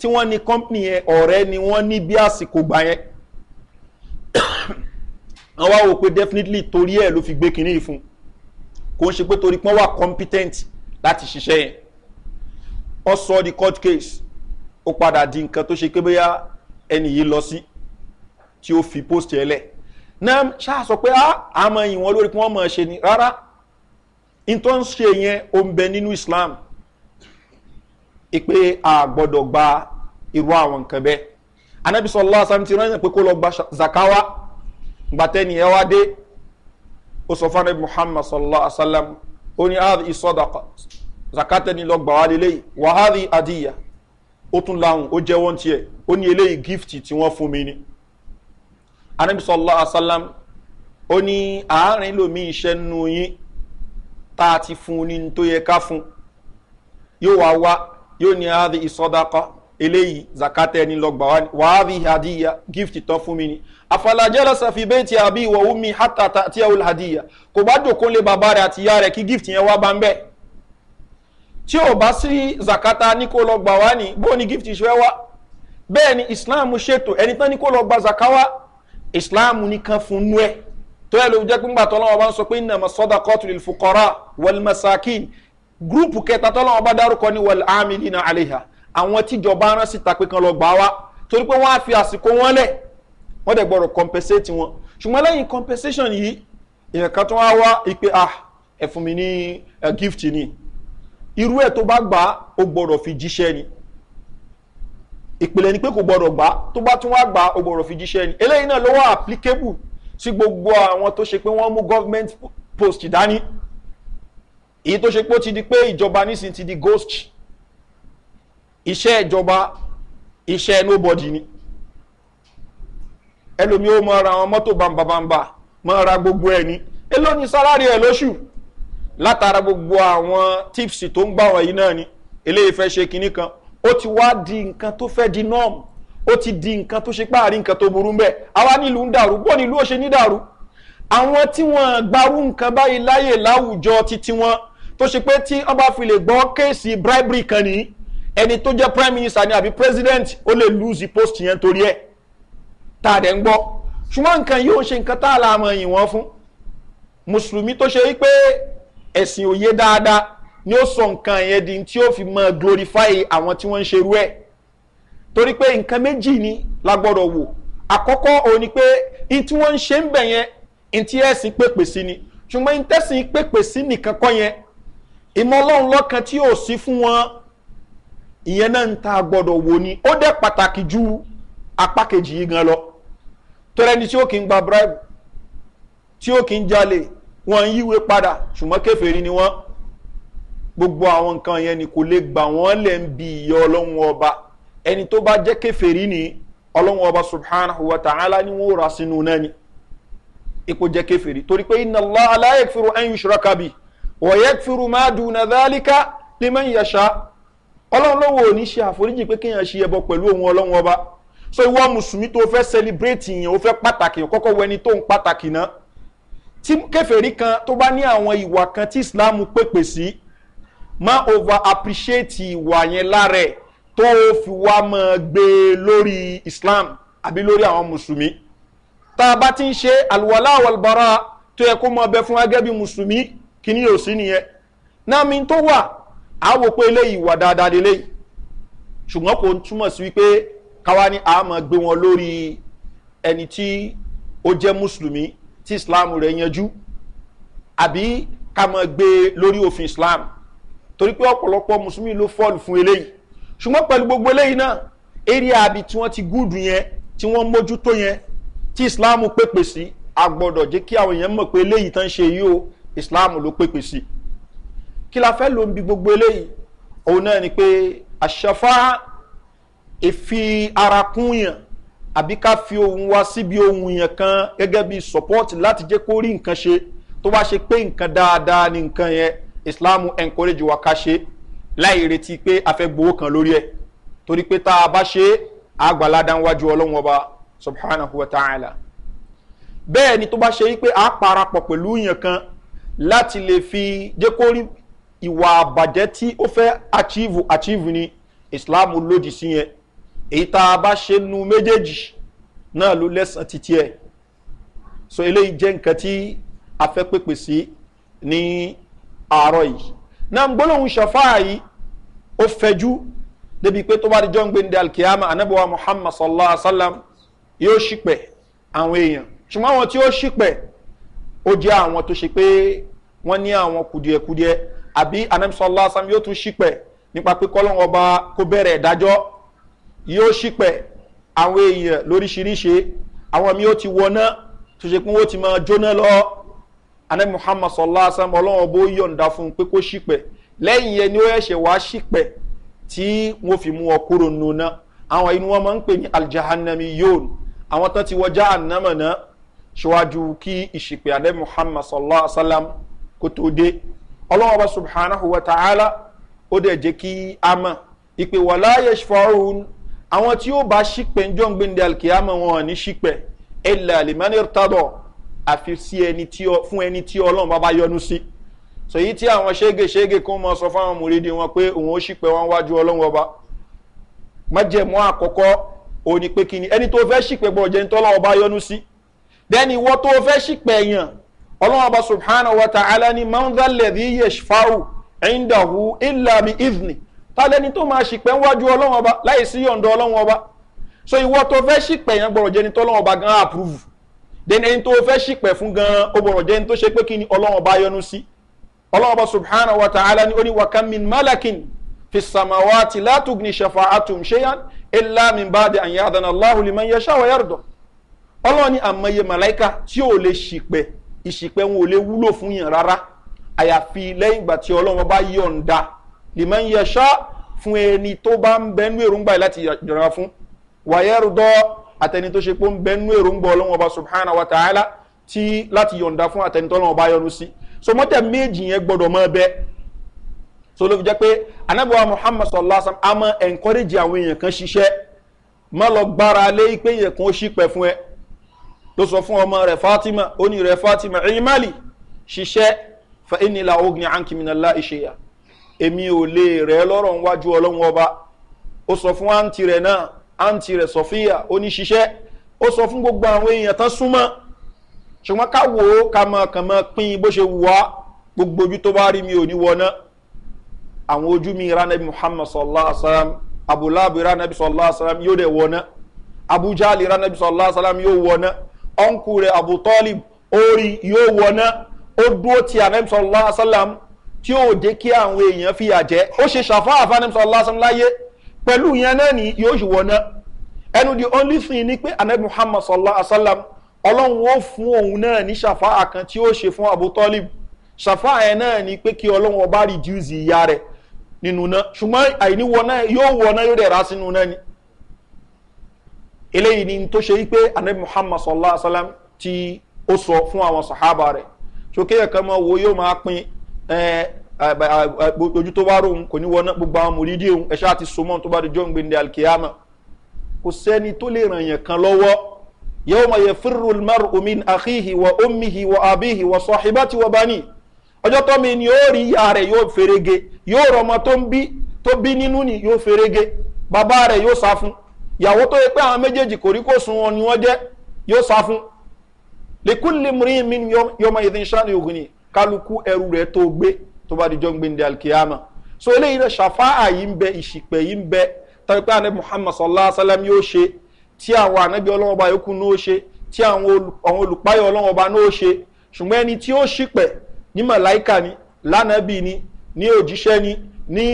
tí wọ́n ní kọ́mpìnì yẹn ọ̀rẹ́ ni wọ́n ní bí àsìkò gbà yẹn wọ́n wá wò pé definitely torí ẹ̀ ló fi gbé kinní yìí fún kò ń ṣe pé torí pé wà competent láti ṣiṣẹ́ yẹn ọ sọ the court case ó padà di nǹkan tó ṣe pé bóyá ẹnì yìí lọ sí tí ó fi post yẹn lẹ̀ náà ṣáà sọ pé àmọ́ ah, ìwọ̀n lórí pé mọ̀ ṣe ni rárá ìtọ́ ń ṣe yẹn ó ń bẹ nínú islam ìpè àgbọ̀dọ̀ gba irú àwọn nǹkan bẹ́ẹ̀ anabi sọlá asam ti ránṣẹ́ pé kó lọ gba zakawa gbàtẹ́ni ẹ wá dé ó sọ fún anabi muhammad sọlá asalam ó ní ààrẹ ìsọdàkọ zakatẹ́ni lọ gbà wá lélẹ́yìí wàhálì adìyà ó tún láhùn ó jẹ́ wọ́n tiẹ̀ ó ní eléyìí gífìtì tí wọ́n fún mi ni anabi sọlá asalam ó ní àárín lomi iṣẹ́ nù yín tá a ti fún ní tó yẹ ká fún yóò wá wá yóò ní ààrẹ ìsọdàkọ eléyìí zakata ẹni lọgbà wàá bí hadiya gift tán fún mi ni àfàlàjẹ́lá sàfibẹ́ ti àbí ìwọ̀ omi hátàtà tí ẹ̀wọ̀l hadiya kò bá jòkó lé bàbá rẹ̀ àti ìyá rẹ̀ kí gift yẹn wá bá ń bẹ̀ tí ò bá sí zakata ní kó lọ gbà wá ní bó ni gift ṣe wá bẹ́ẹ̀ ni islam ṣètò ẹni tán ní kó lọ zakawa islam nìkan fún nú ẹ̀ tó ẹ̀ ló jẹ́ pé ńgbà tọ́lọ́wọ́ bá ń sọ pé ìnàmọ̀ sọ́dà kọ́tù lè fukọ́ra wọlmasakin gúrùpù kẹta tọ́lọ́wọ́ bá dárúkọ ní wọl amílì náà àléhà àwọn tíjọba rán síta pé kan lọ gbà wá torí pé wọ́n á fi àsìkò wọn lẹ̀ wọ́n dẹ̀ gbọ́dọ̀ compensate wọn ṣùgbọ́n lẹ́yìn compensation yìí èèyàn kan tó wá wá ipe ah ẹ mi ní gift ni irú ẹ̀ tó bá gbà ó gbọ́dọ̀ fi jíṣẹ́ ni ìpìlẹ̀ ni pé kò gbọ́dọ̀ gbà tó bá tún wá gbà ó gbọ́dọ̀ fi jíṣẹ́ ni eléyìí náà ló applicable sí gbogbo àwọn tó ṣe pé wọ́n mú government post dání èyí tó ṣe pé ó ti di pé ìjọba nísìnyí ti di ghost iṣẹ́ ìjọba iṣẹ́ nobody ni ẹlòmí ó mọ ra àwọn mọ́tò bambabamba mọ ra gbogbo ẹ̀ ni èló ni sálárì ẹ̀ lóṣù látara gbogbo àwọn tips tó ń gbà wọ̀nyí náà ni eléyìí fẹ́ ṣe kinní kan ó ti wá di nǹkan tó fẹ́ di norm ó ti di nǹkan tó ṣe páàrí nǹkan tó burú mbẹ́ àwa nílùú ń dàrú bó nílùú ó ṣe ní dàrú àwọn tí wọ́n gbarú nǹkan báyìí láyè láwùjọ titi wọn tó ṣe pé tí wọ́n bá fi lè gbọ́ kéèsì bribery kan nìyí ẹni tó jẹ́ prime minister ni àbí president ó lè lose the post yẹn torí ẹ̀ tá a dẹ̀ ń gbọ́ ṣùgbọ́n nǹkan yìí ó ń ṣe nǹkan tá a la mọ̀ ẹ̀yìn wọn fún mùsùlùmí tó ṣe wípé ẹ̀sìn òye dáadáa ni ó sọ nǹkan yẹn di tí ó fi mọ glorify àwọn tí wọ́n ń ṣerú ẹ̀ torí pé nǹkan méjì ni la gbọ́dọ̀ wò àkọ́kọ́ òun ni pé in tí wọ́n ń ṣe ń bẹ̀ yẹn in tí ẹ̀sìn pèpè sí ni ṣùgbọ́n in tẹ̀sìn pèpè sí nìkan kọ́ yẹn ìmọ̀ ọlọ́run lọ́kan tí ò sí fún wọn ìyẹn náà ń ta gbọ́dọ̀ wò ni ó dẹ́ pàtàkì ju apá kejì yìí gan lọ tọ́lẹ́ni tí ó kì í gba bribe tí ó kì í jalè wọ́n yíwe padà ṣùgbọ́n kẹfẹ́rí ni wọ́n gbogbo àwọn nǹkan yẹn ni kò lè gbà wọ́n lẹ̀ ń bi ìyẹ́ ọlọ́run ọba ẹni tó bá jẹ́ kẹfẹ́rí ni ọlọ́run ọba subhanahu wa ta'ala ni wọ́n rà sínú náà ni ipò jẹ́ kẹfẹ́rí torí pé iná lọ́ aláyẹ̀ fìrù ẹ̀yìn ṣùrọ̀kàbì wọ̀nyẹ́ máa dùn náà dálíkà lè mẹ́yìn yẹ̀ṣà ọlọ́run lọ́wọ́ ò ní ṣe àforíjì pé kéèyàn ṣe ẹbọ pẹ̀lú ohun ọlọ́run ọba so ìwọ mùsùlùmí tó fẹ́ sẹlibrétì yẹn ó fẹ́ pàtàkì kọ́kọ́ wẹni tó ń pàtàkì náà tí kẹfẹ́rí kan tó bá ní àwọn ìwà kan tí islam pèpè sí má over appreciate ìwà yẹn lára tó fi wá mọ́ gbé lórí islam àbí lórí àwọn mùsùlùmí tá a bá ti ń ṣe àlùwalá àwọlbara tó yẹ kó mọ ọbẹ̀ fún wa gẹ́gẹ́ bí mùsùlùmí kí á wò pé eléyìí wà dáadáa lélẹ́yìí ṣùgbọ́n kò túmọ̀ sí wípé káwa ni a máa gbé wọn lórí ẹni tí ó jẹ́ mùsùlùmí tí islam rẹ̀ yanjú àbí ká máa gbé lórí òfin islam torí pé ọ̀pọ̀lọpọ̀ mùsùlùmí ló fọ́ọ̀lù fún eléyìí ṣùgbọ́n pẹ̀lú gbogbo eléyìí náà eré àbí tí wọ́n ti gúdù yẹn tí wọ́n mójútó yẹn tí islam pépè sí a jẹ́ kí àwọn èèyàn mọ̀ pé eléyìí tán ṣe yìí o islam ló pépè sí i kí la fẹ́ ló ń bi gbogbo eléyìí òun náà ni pé àṣàfà èfi ara kún yàn àbí ká fi ohun wá síbi ohun yẹn kan gẹ́gẹ́ bí support láti jẹ́ kó rí nǹkan ṣe tó wá ṣe pé nǹkan dáadáa ni nǹkan yẹn islam encourage wa ká ṣe láì retí pé a fẹ́ gbowó kan lórí ẹ̀ torí pé tá a bá ṣe àgbàládá wájú ọlọ́run ọba subhanahu wa ta'ala bẹ́ẹ̀ ni tó bá ṣe wípé a parapọ̀ pẹ̀lú yẹn kan láti lè fi jẹ́ kó rí ìwà àbàjẹ́ tí ó fẹ́ achieve achieve ni islam lòdì sí yẹn èyí tá a bá ṣe nu méjèèjì náà ló lẹ́sàn títí ẹ̀ so eléyìí jẹ́ nǹkan tí a fẹ́ pèpè sí ní àárọ̀ yìí náà gbólóhùn ṣàfáà yìí ó fẹjú débi pé tó bá di jọ́ ń alkiyama anabiwa muhammad sallallahu alaihi wa sallam yóò ṣìpẹ̀ àwọn èèyàn ṣùgbọ́n àwọn tí ó ṣìpẹ̀ ó jẹ́ àwọn tó ṣe pé wọ́n ní àwọn kùdìẹ̀kùdìẹ̀ àbí anamisọ́lá sam yóò tún ṣípẹ̀ nípa pé kọ́lọ́n ọba kó bẹ̀rẹ̀ ìdájọ́ yóò ṣípẹ̀ àwọn èèyàn lóríṣiríṣi àwọn mi ó ti wọná tó ṣe pé wọ́n ti máa jóná lọ anam muhammad sọlá sam ọlọ́run ọba ó yọ̀ǹda fún un pé kó ṣípẹ̀ lẹ́yìn yẹn ni ó ẹ̀ṣẹ̀ wá ṣípẹ̀ tí wọ́n fi mú ọ kúrò nùnà àwọn inú wọn máa ń pè ní aljahannami yóòn àwọn tán ti wọ jahannama ṣíwájú kí ìṣìpẹ̀ anam muhammad sọlá sam kó tó dé ọlọ́wọ́ bá subhanahu wa ta'ala ó dẹ̀ jẹ́ kí a mọ̀ ìpè wàlá yashfaun àwọn tí ó bá ṣípẹ́ njọ́ ń gbéǹde alkiyama wọn ní ṣípẹ́ ẹ̀là alimani tadọ̀ àfi sí ẹni tí ọ fún ẹni tí ọlọ́run bá bá yọnu sí sọ yìí tí àwọn ṣégeṣége kó mọ sọ fáwọn mùrídì wọn pé òun ó ṣípẹ́ wọn wájú ọlọ́run ọba májẹ̀mọ́ àkọ́kọ́ òní pé kíni ẹni tó fẹ́ ṣípẹ́ gbọ́dọ̀ jẹ́ ní tọ́lọ́run ọba yọnu sí bẹ́ẹ̀ ni tó fẹ́ ṣípẹ́ yàn ọlọ́run ọba subhanahu wa ta'ala ni mọ́ńdálẹ̀dì yẹ̀ṣfáwù ẹ̀ńdàwù ìlàmì ìdìní tálẹ́ni tó máa ṣìpẹ́ wájú ọlọ́run ọba láì sí yọ̀ǹda ọlọ́run ọba so ìwọ tó fẹ́ ṣìpẹ́ yẹn gbọ́dọ̀ jẹni tó ọlọ́run ọba gan approve then ẹni tó fẹ́ ṣìpẹ́ fún gan ó gbọ́dọ̀ jẹni tó ṣe pé kí ni ọlọ́run ọba yọnu sí ọlọ́run ọba subhanahu wa ta'ala ni ó ní wakamin malakin fi samawati látùgni ṣẹfà atum ṣeyan ìlàmì bàdé àyàdàn aláhùn lè máa yẹ ṣáwọ̀ yàrá ọlọ́run ni àmọye màláìka tí ò lè ṣìpẹ́ ìṣìpẹ̀ wọn ò lè wúlò fún yàn rárá àyàfi lẹ́yìn ìgbà tí ọlọ́run bá yọ̀ǹda lè máa ń yẹṣá fún ẹni tó bá ń bẹnú èròǹgbà láti yọ̀ǹda fún wàyẹ̀rùdọ́ àtẹni tó ṣe pé ń bẹnú èròǹgbà ọlọ́run ọba subhanahu wa ta'ala ti láti yọ̀ǹda fún àtẹni tó ọlọ́run ọba yọnu sí so mọ́tẹ̀ méjì yẹn gbọ́dọ̀ mọ́ bẹ́ẹ̀ so ló fi jẹ́ pé anábíwá muhammad sallallahu alaihi wa sallam a máa encourage àwọn èèyàn kan ṣiṣẹ́ má lọ gbára lé pé èèyàn kan ó ṣìpẹ̀ fún ẹ ló sọ fún ọmọ rẹ̀ fatima ó ní rẹ̀ fatima ìmàlì ṣiṣẹ́ fa ìnìlà ogun ankiminala ìṣeya èmi ò lè rẹ̀ lọ́rọ̀ níwájú ọlọ́run ọba ó sọ fún àǹtí rẹ̀ náà àǹtí rẹ̀ sọfíà ó ní ṣiṣẹ́ ó sọ fún gbogbo àwọn èèyàn tán súnmọ́ ṣùgbọ́n ká wò ó ká máa kàn máa pín bó ṣe wù gbogbo ojú tó bá rí mi ò ní wọná àwọn ojú mi ìrànàbí muhammad sallallahu alaihi wa sallam abulabu ìrànàbí sallallahu alaihi wa sallam yóò dẹ̀ wọná abuja ìrànàbí sallallahu alaihi wa sallam yóò wọná ọ̀nkù rẹ̀ abu talib orí yóò wọná ó dúró ti anamsọ lásàlám tí ó jẹ́ kí àwọn èèyàn fi àjẹ́ ó ṣe ṣàfà àfànàmsọ lásàlám láyé pẹ̀lú ìyẹn náà ni yóò ṣì wọná ẹnu the only thing ni pé anabi muhammad sallallahu alaihi wa sallam ọlọ́run ó fún òun náà ní ṣàfà àkàn tí ó ṣe fún abu talib ṣàfà ẹ̀ náà ni pé kí ọlọ́run ọba reduce ìyá rẹ̀ nínú náà ṣùgbọ́n àìníwọ̀ náà yóò wọ̀ yóò dẹ̀ rà sínú náà ni eléyìí ni tó ṣe wípé anabi muhammad sallallahu alayhi wa sallam ti ó sọ fún àwọn sàhábà rẹ̀ ṣókè ẹ̀ka máa wo yóò máa pin ojú tó bá ròhun kò ní wọ náà gbogbo àwọn mòrídìí òun ẹ̀ṣá àti sọmọ́n tó bá di jọ́ gbèndé alkiyama kò sẹ́ni tó lè ràn yàn kan lọ́wọ́ yóò máa yẹ fírul mar omin àhíhì wa omihi wa abihi wa sọ̀hìbátì wa bani ọjọ́ tó mi ni yóò rí ìyá rẹ̀ yóò ferege yóò rọmọ tó bí nínú ni yóò ferege bàbá rẹ̀ yóò sá fún ìyàwó tó yẹ pé àwọn méjèèjì kò rí kó sun wọn ni wọ́n jẹ́ yóò sá fún lèkúlè mìíràn mi yọmọ ìdín sani ògùn ni kálukú ẹrù rẹ̀ tó gbé tó bá di jọ́ gbẹ̀ndẹ̀ alkiyama so eléyìí rẹ̀ ṣàfáà yìí ń bẹ ìṣìpẹ̀ yìí ń bẹ tàbí pé anabi muhammad sallallahu alayhi wa sallam yóò ṣe tí àwọn anabi ọlọ́wọ́ bá yókù ní ó ṣe tí àwọn olùpáyọ̀ ọlọ́wọ́ bá ní ó ṣe ṣùgbọ́n ẹni tí ó ṣìpẹ̀ ní màláìkà ni lánàbì ni ní òjíṣẹ́ ni ní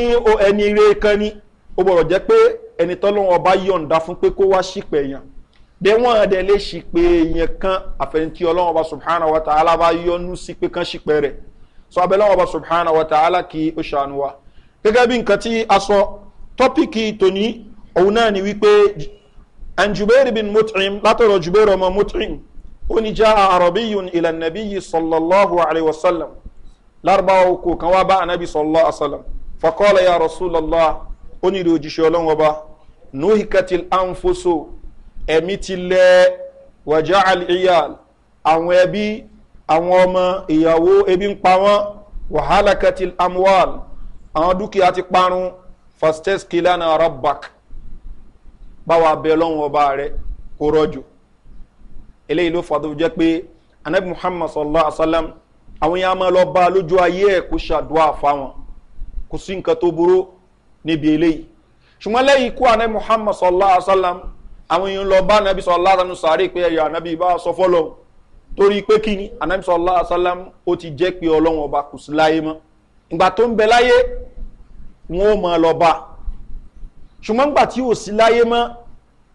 ẹni ire kan ni ó gbọ́dọ̀ jẹ́ pé ẹni tọ́lọ́wọ́n ọba yọ̀ǹda fún pé kó wá ṣìpẹ̀ èèyàn dé wọ́n dẹ̀ lè ṣìpẹ̀ èèyàn kan àfẹnití ọlọ́wọ́n ọba subhanahu wa ta'ala bá yọnu sí pé kan ṣìpẹ̀ rẹ̀ sọ abẹ́lẹ́wọ̀n ọba subhanahu wa ta'ala kí ó ṣàánú wa gẹ́gẹ́ bí nǹkan tí a sọ tọ́pìkì tòní òun náà ni wípé anjubeeri bin mut'im látọ̀rọ̀ jubeeri ọmọ mut'im ó ní já àrọ̀bíyun ìlànà bíyì sọlọ́lọ́hu alayhi wa sallam lárúbáwò kò kan wá bá anabi sọlọ́ ó ní ìrè òjíṣẹ́ ọlọ́run ọba nuhikatil anfoso ẹ̀mí ti lẹ wàjá aliyal àwọn ẹbí àwọn ọmọ ìyàwó ebi ń pa wọ́n wàhálà katil amwal àwọn dúkìá ti parun fastes kilana rabbak báwa bẹ lọ́wọ́ ọba rẹ kó rọ́jò eléyìí ló fàdó jẹ́ pé anabi muhammad sallallahu alaihi wa sallam àwọn yàrá máa lọ bá lójú ayé ẹ̀ kó ṣàdúrà fáwọn kò sí nǹkan tó burú níbi eléyìí ṣùgbọ́n lẹ́yìn ikú àná muhammad sallallahu alayhi wa sallam àwọn èèyàn lọ bá anabi sallallahu alayhi wa sallam pé ẹ̀yà anabi bá sọ ti jẹ́ pé ọlọ́run ọba kò sí láyé mọ́ ìgbà tó ń bẹ láyé wọn ò mọ lọ bá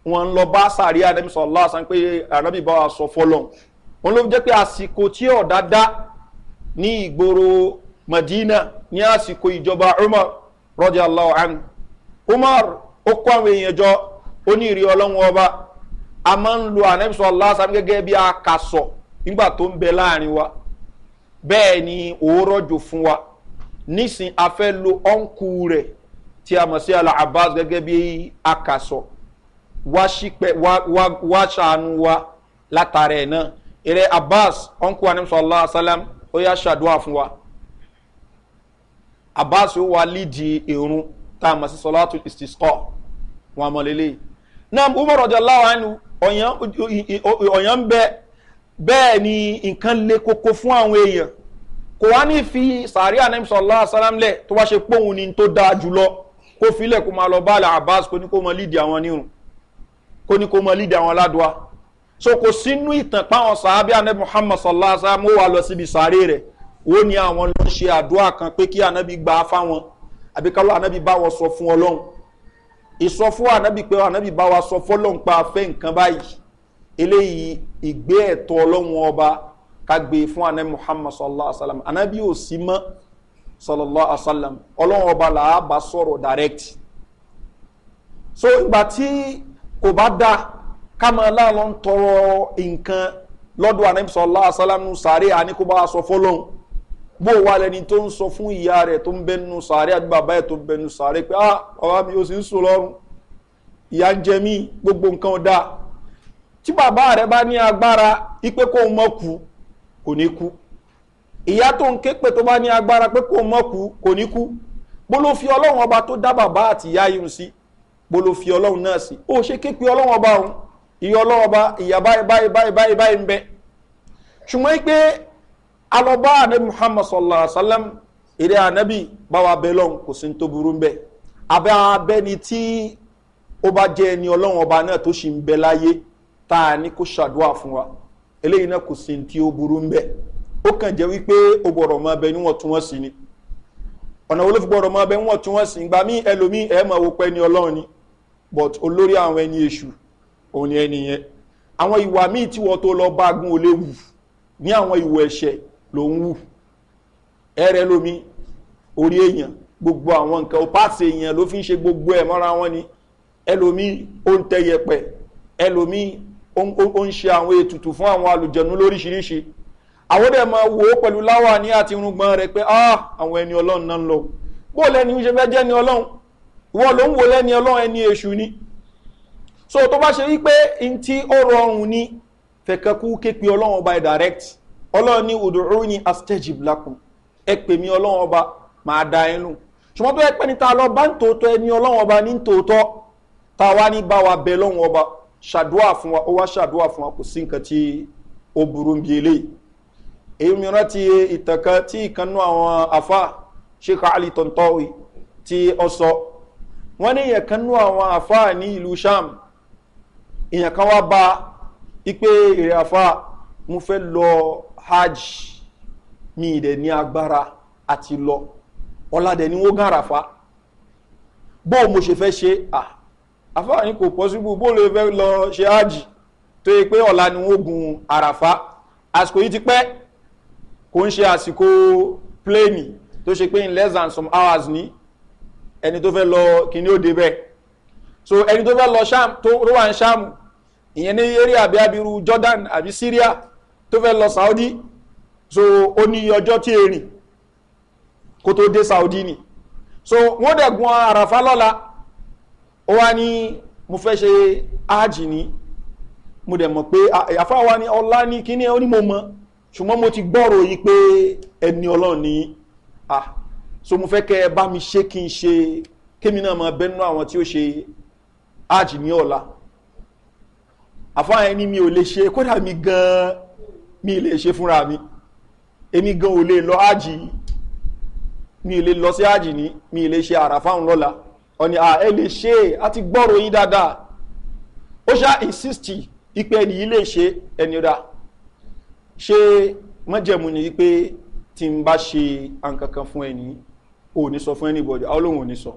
lọ bá anabi sallallahu alayhi wa sallam pé anabi bá sọ wọn ló jẹ́ pé àsìkò tí ọ̀dá madina ní àsìkò ìjọba umar rọ́díàláwò ánì umar ó kó àwọn èèyàn jọ onírì ọlọ́run ọba a máa ń lo ànẹ́bísọ̀ lásán gẹ́gẹ́ bí akasọ nígbà tó ń bẹ láàrin wa bẹ́ẹ̀ ni òórọ̀ jò fún wa nísìn a lo rẹ̀ tí a mọ̀ sí akasọ wá ṣàánú wa látara ẹ̀ náà eré lásán abbas ó wà lídìí irun tá a mọ̀ sí sọláàtú istisqa wọn mọ̀ lélẹ̀ náà umar ọjà láwánu ọ̀yàn bẹ bẹ́ẹ̀ ni nǹkan le koko fún àwọn èèyàn kò wá ní fi sàárì anamisọ̀lá sálámlẹ̀ tó wá ṣe póun ni tó dáa jùlọ kó filẹ̀ kó máa lọ bá àlà abbas kó ní kó mọ lídìí àwọn nírun kó ní kó mọ lídìí àwọn aládùá so kò sínú ìtàn páwọn sàábíà ní muhammad sallallahu alaihi wa sallam ó wà lọ síbi sàárè rẹ̀ ó ní àwọn ló ń ṣe àdúrà kan pé kí ànábì gba fáwọn àbí kálọ̀ ànábì bá wọn sọ fún ọlọ́run ìsọfún ànábì pé ànábì bá wa sọ fọlọ́run pa afẹ́ nǹkan báyìí eléyìí ìgbé ẹ̀tọ́ ọlọ́run ọba ká e fún ànábì muhammad sallallahu alaihi wa sallam ànábì ò sí mọ́ sallallahu alaihi wa sallam ọlọ́run ọba là á bá sọ̀rọ̀ direct so ìgbà tí kò bá dá ká máa láàlọ́ ń tọrọ nǹkan lọ́dọ̀ ànábì sallallahu alaihi wa sallam sàárè àníkó bá wa sọ fọlọ́run bó wà lẹni tó ń sọ fún ìyá rẹ̀ tó ń bẹnu sàárẹ̀ àbí bàbá ẹ̀ tó ń bẹnu sàárẹ̀ pé ah bàbá mi ò sì ń sùn lọ́rùn ìyá ń jẹ mí gbogbo nǹkan dá tí bàbá rẹ̀ bá ní agbára ipe kó mọ́ kú kò ní kú ìyá tó ń ké pé tó bá ní agbára pé kó mọ́ kú kò ní kú bó ọlọ́run ọba tó dá bàbá àti ìyá yìí sí bó ọlọ́run náà sí ó ṣe ké pé ọlọ́run ọba òun ìyá ọlọ́run ọba ìyá báyìí báyìí báyìí báyìí ń bẹ ṣùgbọ́n pé alọ́bá anabi muhammad sallallahu alaihi wa sallam èrè anabi báwa bẹ́ẹ̀ lọ́n kò sí ní tó burú bẹ́ẹ̀ abẹ́ abẹ́ni tí ó bá jẹ́ ẹni ọlọ́run ọba náà tó sì ń bẹ láyé tá a ní kó ṣàdúrà fún wa eléyìí náà kò sí ní tí ó burú ń bẹ ó kàn jẹ́ wípé ó gbọ́dọ̀ mọ abẹ níwọ̀ntúnwọ̀nsì ni ọ̀nà wo ló fi gbọ́dọ̀ mọ abẹ níwọ̀ntúnwọ̀nsì ìgbà míì ẹlòmíì ẹ̀ máa wo pẹ́ ni ọlọ́run ni but olórí àwọn ẹni èṣù òun ni ẹni àwọn ìwà míì tí wọ́n tó lọ bá gún olé wù àwọn ìwò ẹ̀ṣẹ̀ ló ń wù ẹ̀rẹ̀ lómi orí èèyàn gbogbo àwọn nǹkan ó pàṣẹ èèyàn ló fi ń ṣe gbogbo ẹ̀ mọ́ra wọn ni ẹlòmí ó ń tẹ yẹpẹ̀ ẹlòmí ó ń ṣe àwọn ètùtù fún àwọn àlùjẹnu lóríṣiríṣi àwọn dẹ̀ máa wò ó pẹ̀lú láwà ní àti irungbọn rẹ̀ pé ah, àwọn ẹni ọlọ́run náà ń lọ bó lẹ́ni ń ṣe fẹ́ jẹ́ ni ọlọ́run wọ́n ló ń wo lẹ́ni ọlọ́run ẹni èṣù ni so tó bá ṣe wípé n tí ó rọrùn ni fẹ̀kẹ́kú képe ọlọ́run by direct ọlọ́run ní odòrò ní astejib lakum ẹ pè mí ọlọ́run ọba máa da ẹ lù ṣùgbọ́n tó ẹ pẹ́ ní ta lọ bá ń tòótọ́ ẹni ọlọ́run ọba ní tòótọ́ ta wá ní bá wa bẹ lọ́run ọba ṣàdúrà fún wa ó wá ṣàdúrà fún wa kò sí nǹkan tí ó burú ń bi eléyìí èyí mìíràn ti ìtàn kan tí ìkànnú àwọn afa sheikh ali tontowi ti ọsọ wọn ní ìyẹn kan nú àwọn afa ní ìlú sham ìyẹn kan wá bá ipe ìrẹ afa mo fẹ́ lọ hajj mi ìdẹ̀ ní agbára àti lọ ọ̀làdẹ̀ ni wọ́n gàrà fa bó mo ṣe fẹ́ ṣe àfáàní kò pọ́síbù bó lè fẹ́ lọ ṣe hajj tó yẹ pé ọ̀la ni wọ́n gun àràfá àsìkò yìí ti pẹ́ kò ń ṣe àsìkò pléènì tó ṣe pé in less than some hours ní ẹni tó fẹ́ lọ kíní òde bẹ́ẹ̀ so ẹni tó fẹ́ lọ sham tó wà ní sham ìyẹn ní eré àbí abiru jordan àbí syria tó fẹ́ lọ saudi so ó ní ọjọ́ tí èrìn kó tó dé saudi ni so wọ́n dẹ̀ gun àràfá lọ́la ó wá ní mo fẹ́ ṣe áàjì ní mo dẹ̀ mọ̀ pé àfá wa ní ọlá ní kíní ní mo mọ̀ ṣùgbọ́n mo ti gbọ́rò yí pé ẹni ọlọ́run ní ah so mo fẹ́ kẹ́ ẹ bá mi ṣe kí n ṣe kémi náà máa bẹ́nu àwọn tí ó ṣe áàjì ní ọ̀la àfáà ẹni mi ò lè ṣe kódà mi gan-an mi lè ṣe fúnra mi èmi gan ò lè lọ ájì mi lè lọ sí ájì ní mi lè ṣe àrà fáwọn lọ́la ọ̀nì à ẹ lè ṣe é àti gbọ́rọ̀ yín dáadáa ó ṣá insist ipe ẹni yìí lè ṣe ẹni ra ṣé mọ́jẹ̀mú ni pé tí n bá ṣe àǹkankan fún ẹni ò ní sọ fún ẹni bọ̀dọ̀ ọlọ́run ò ní sọ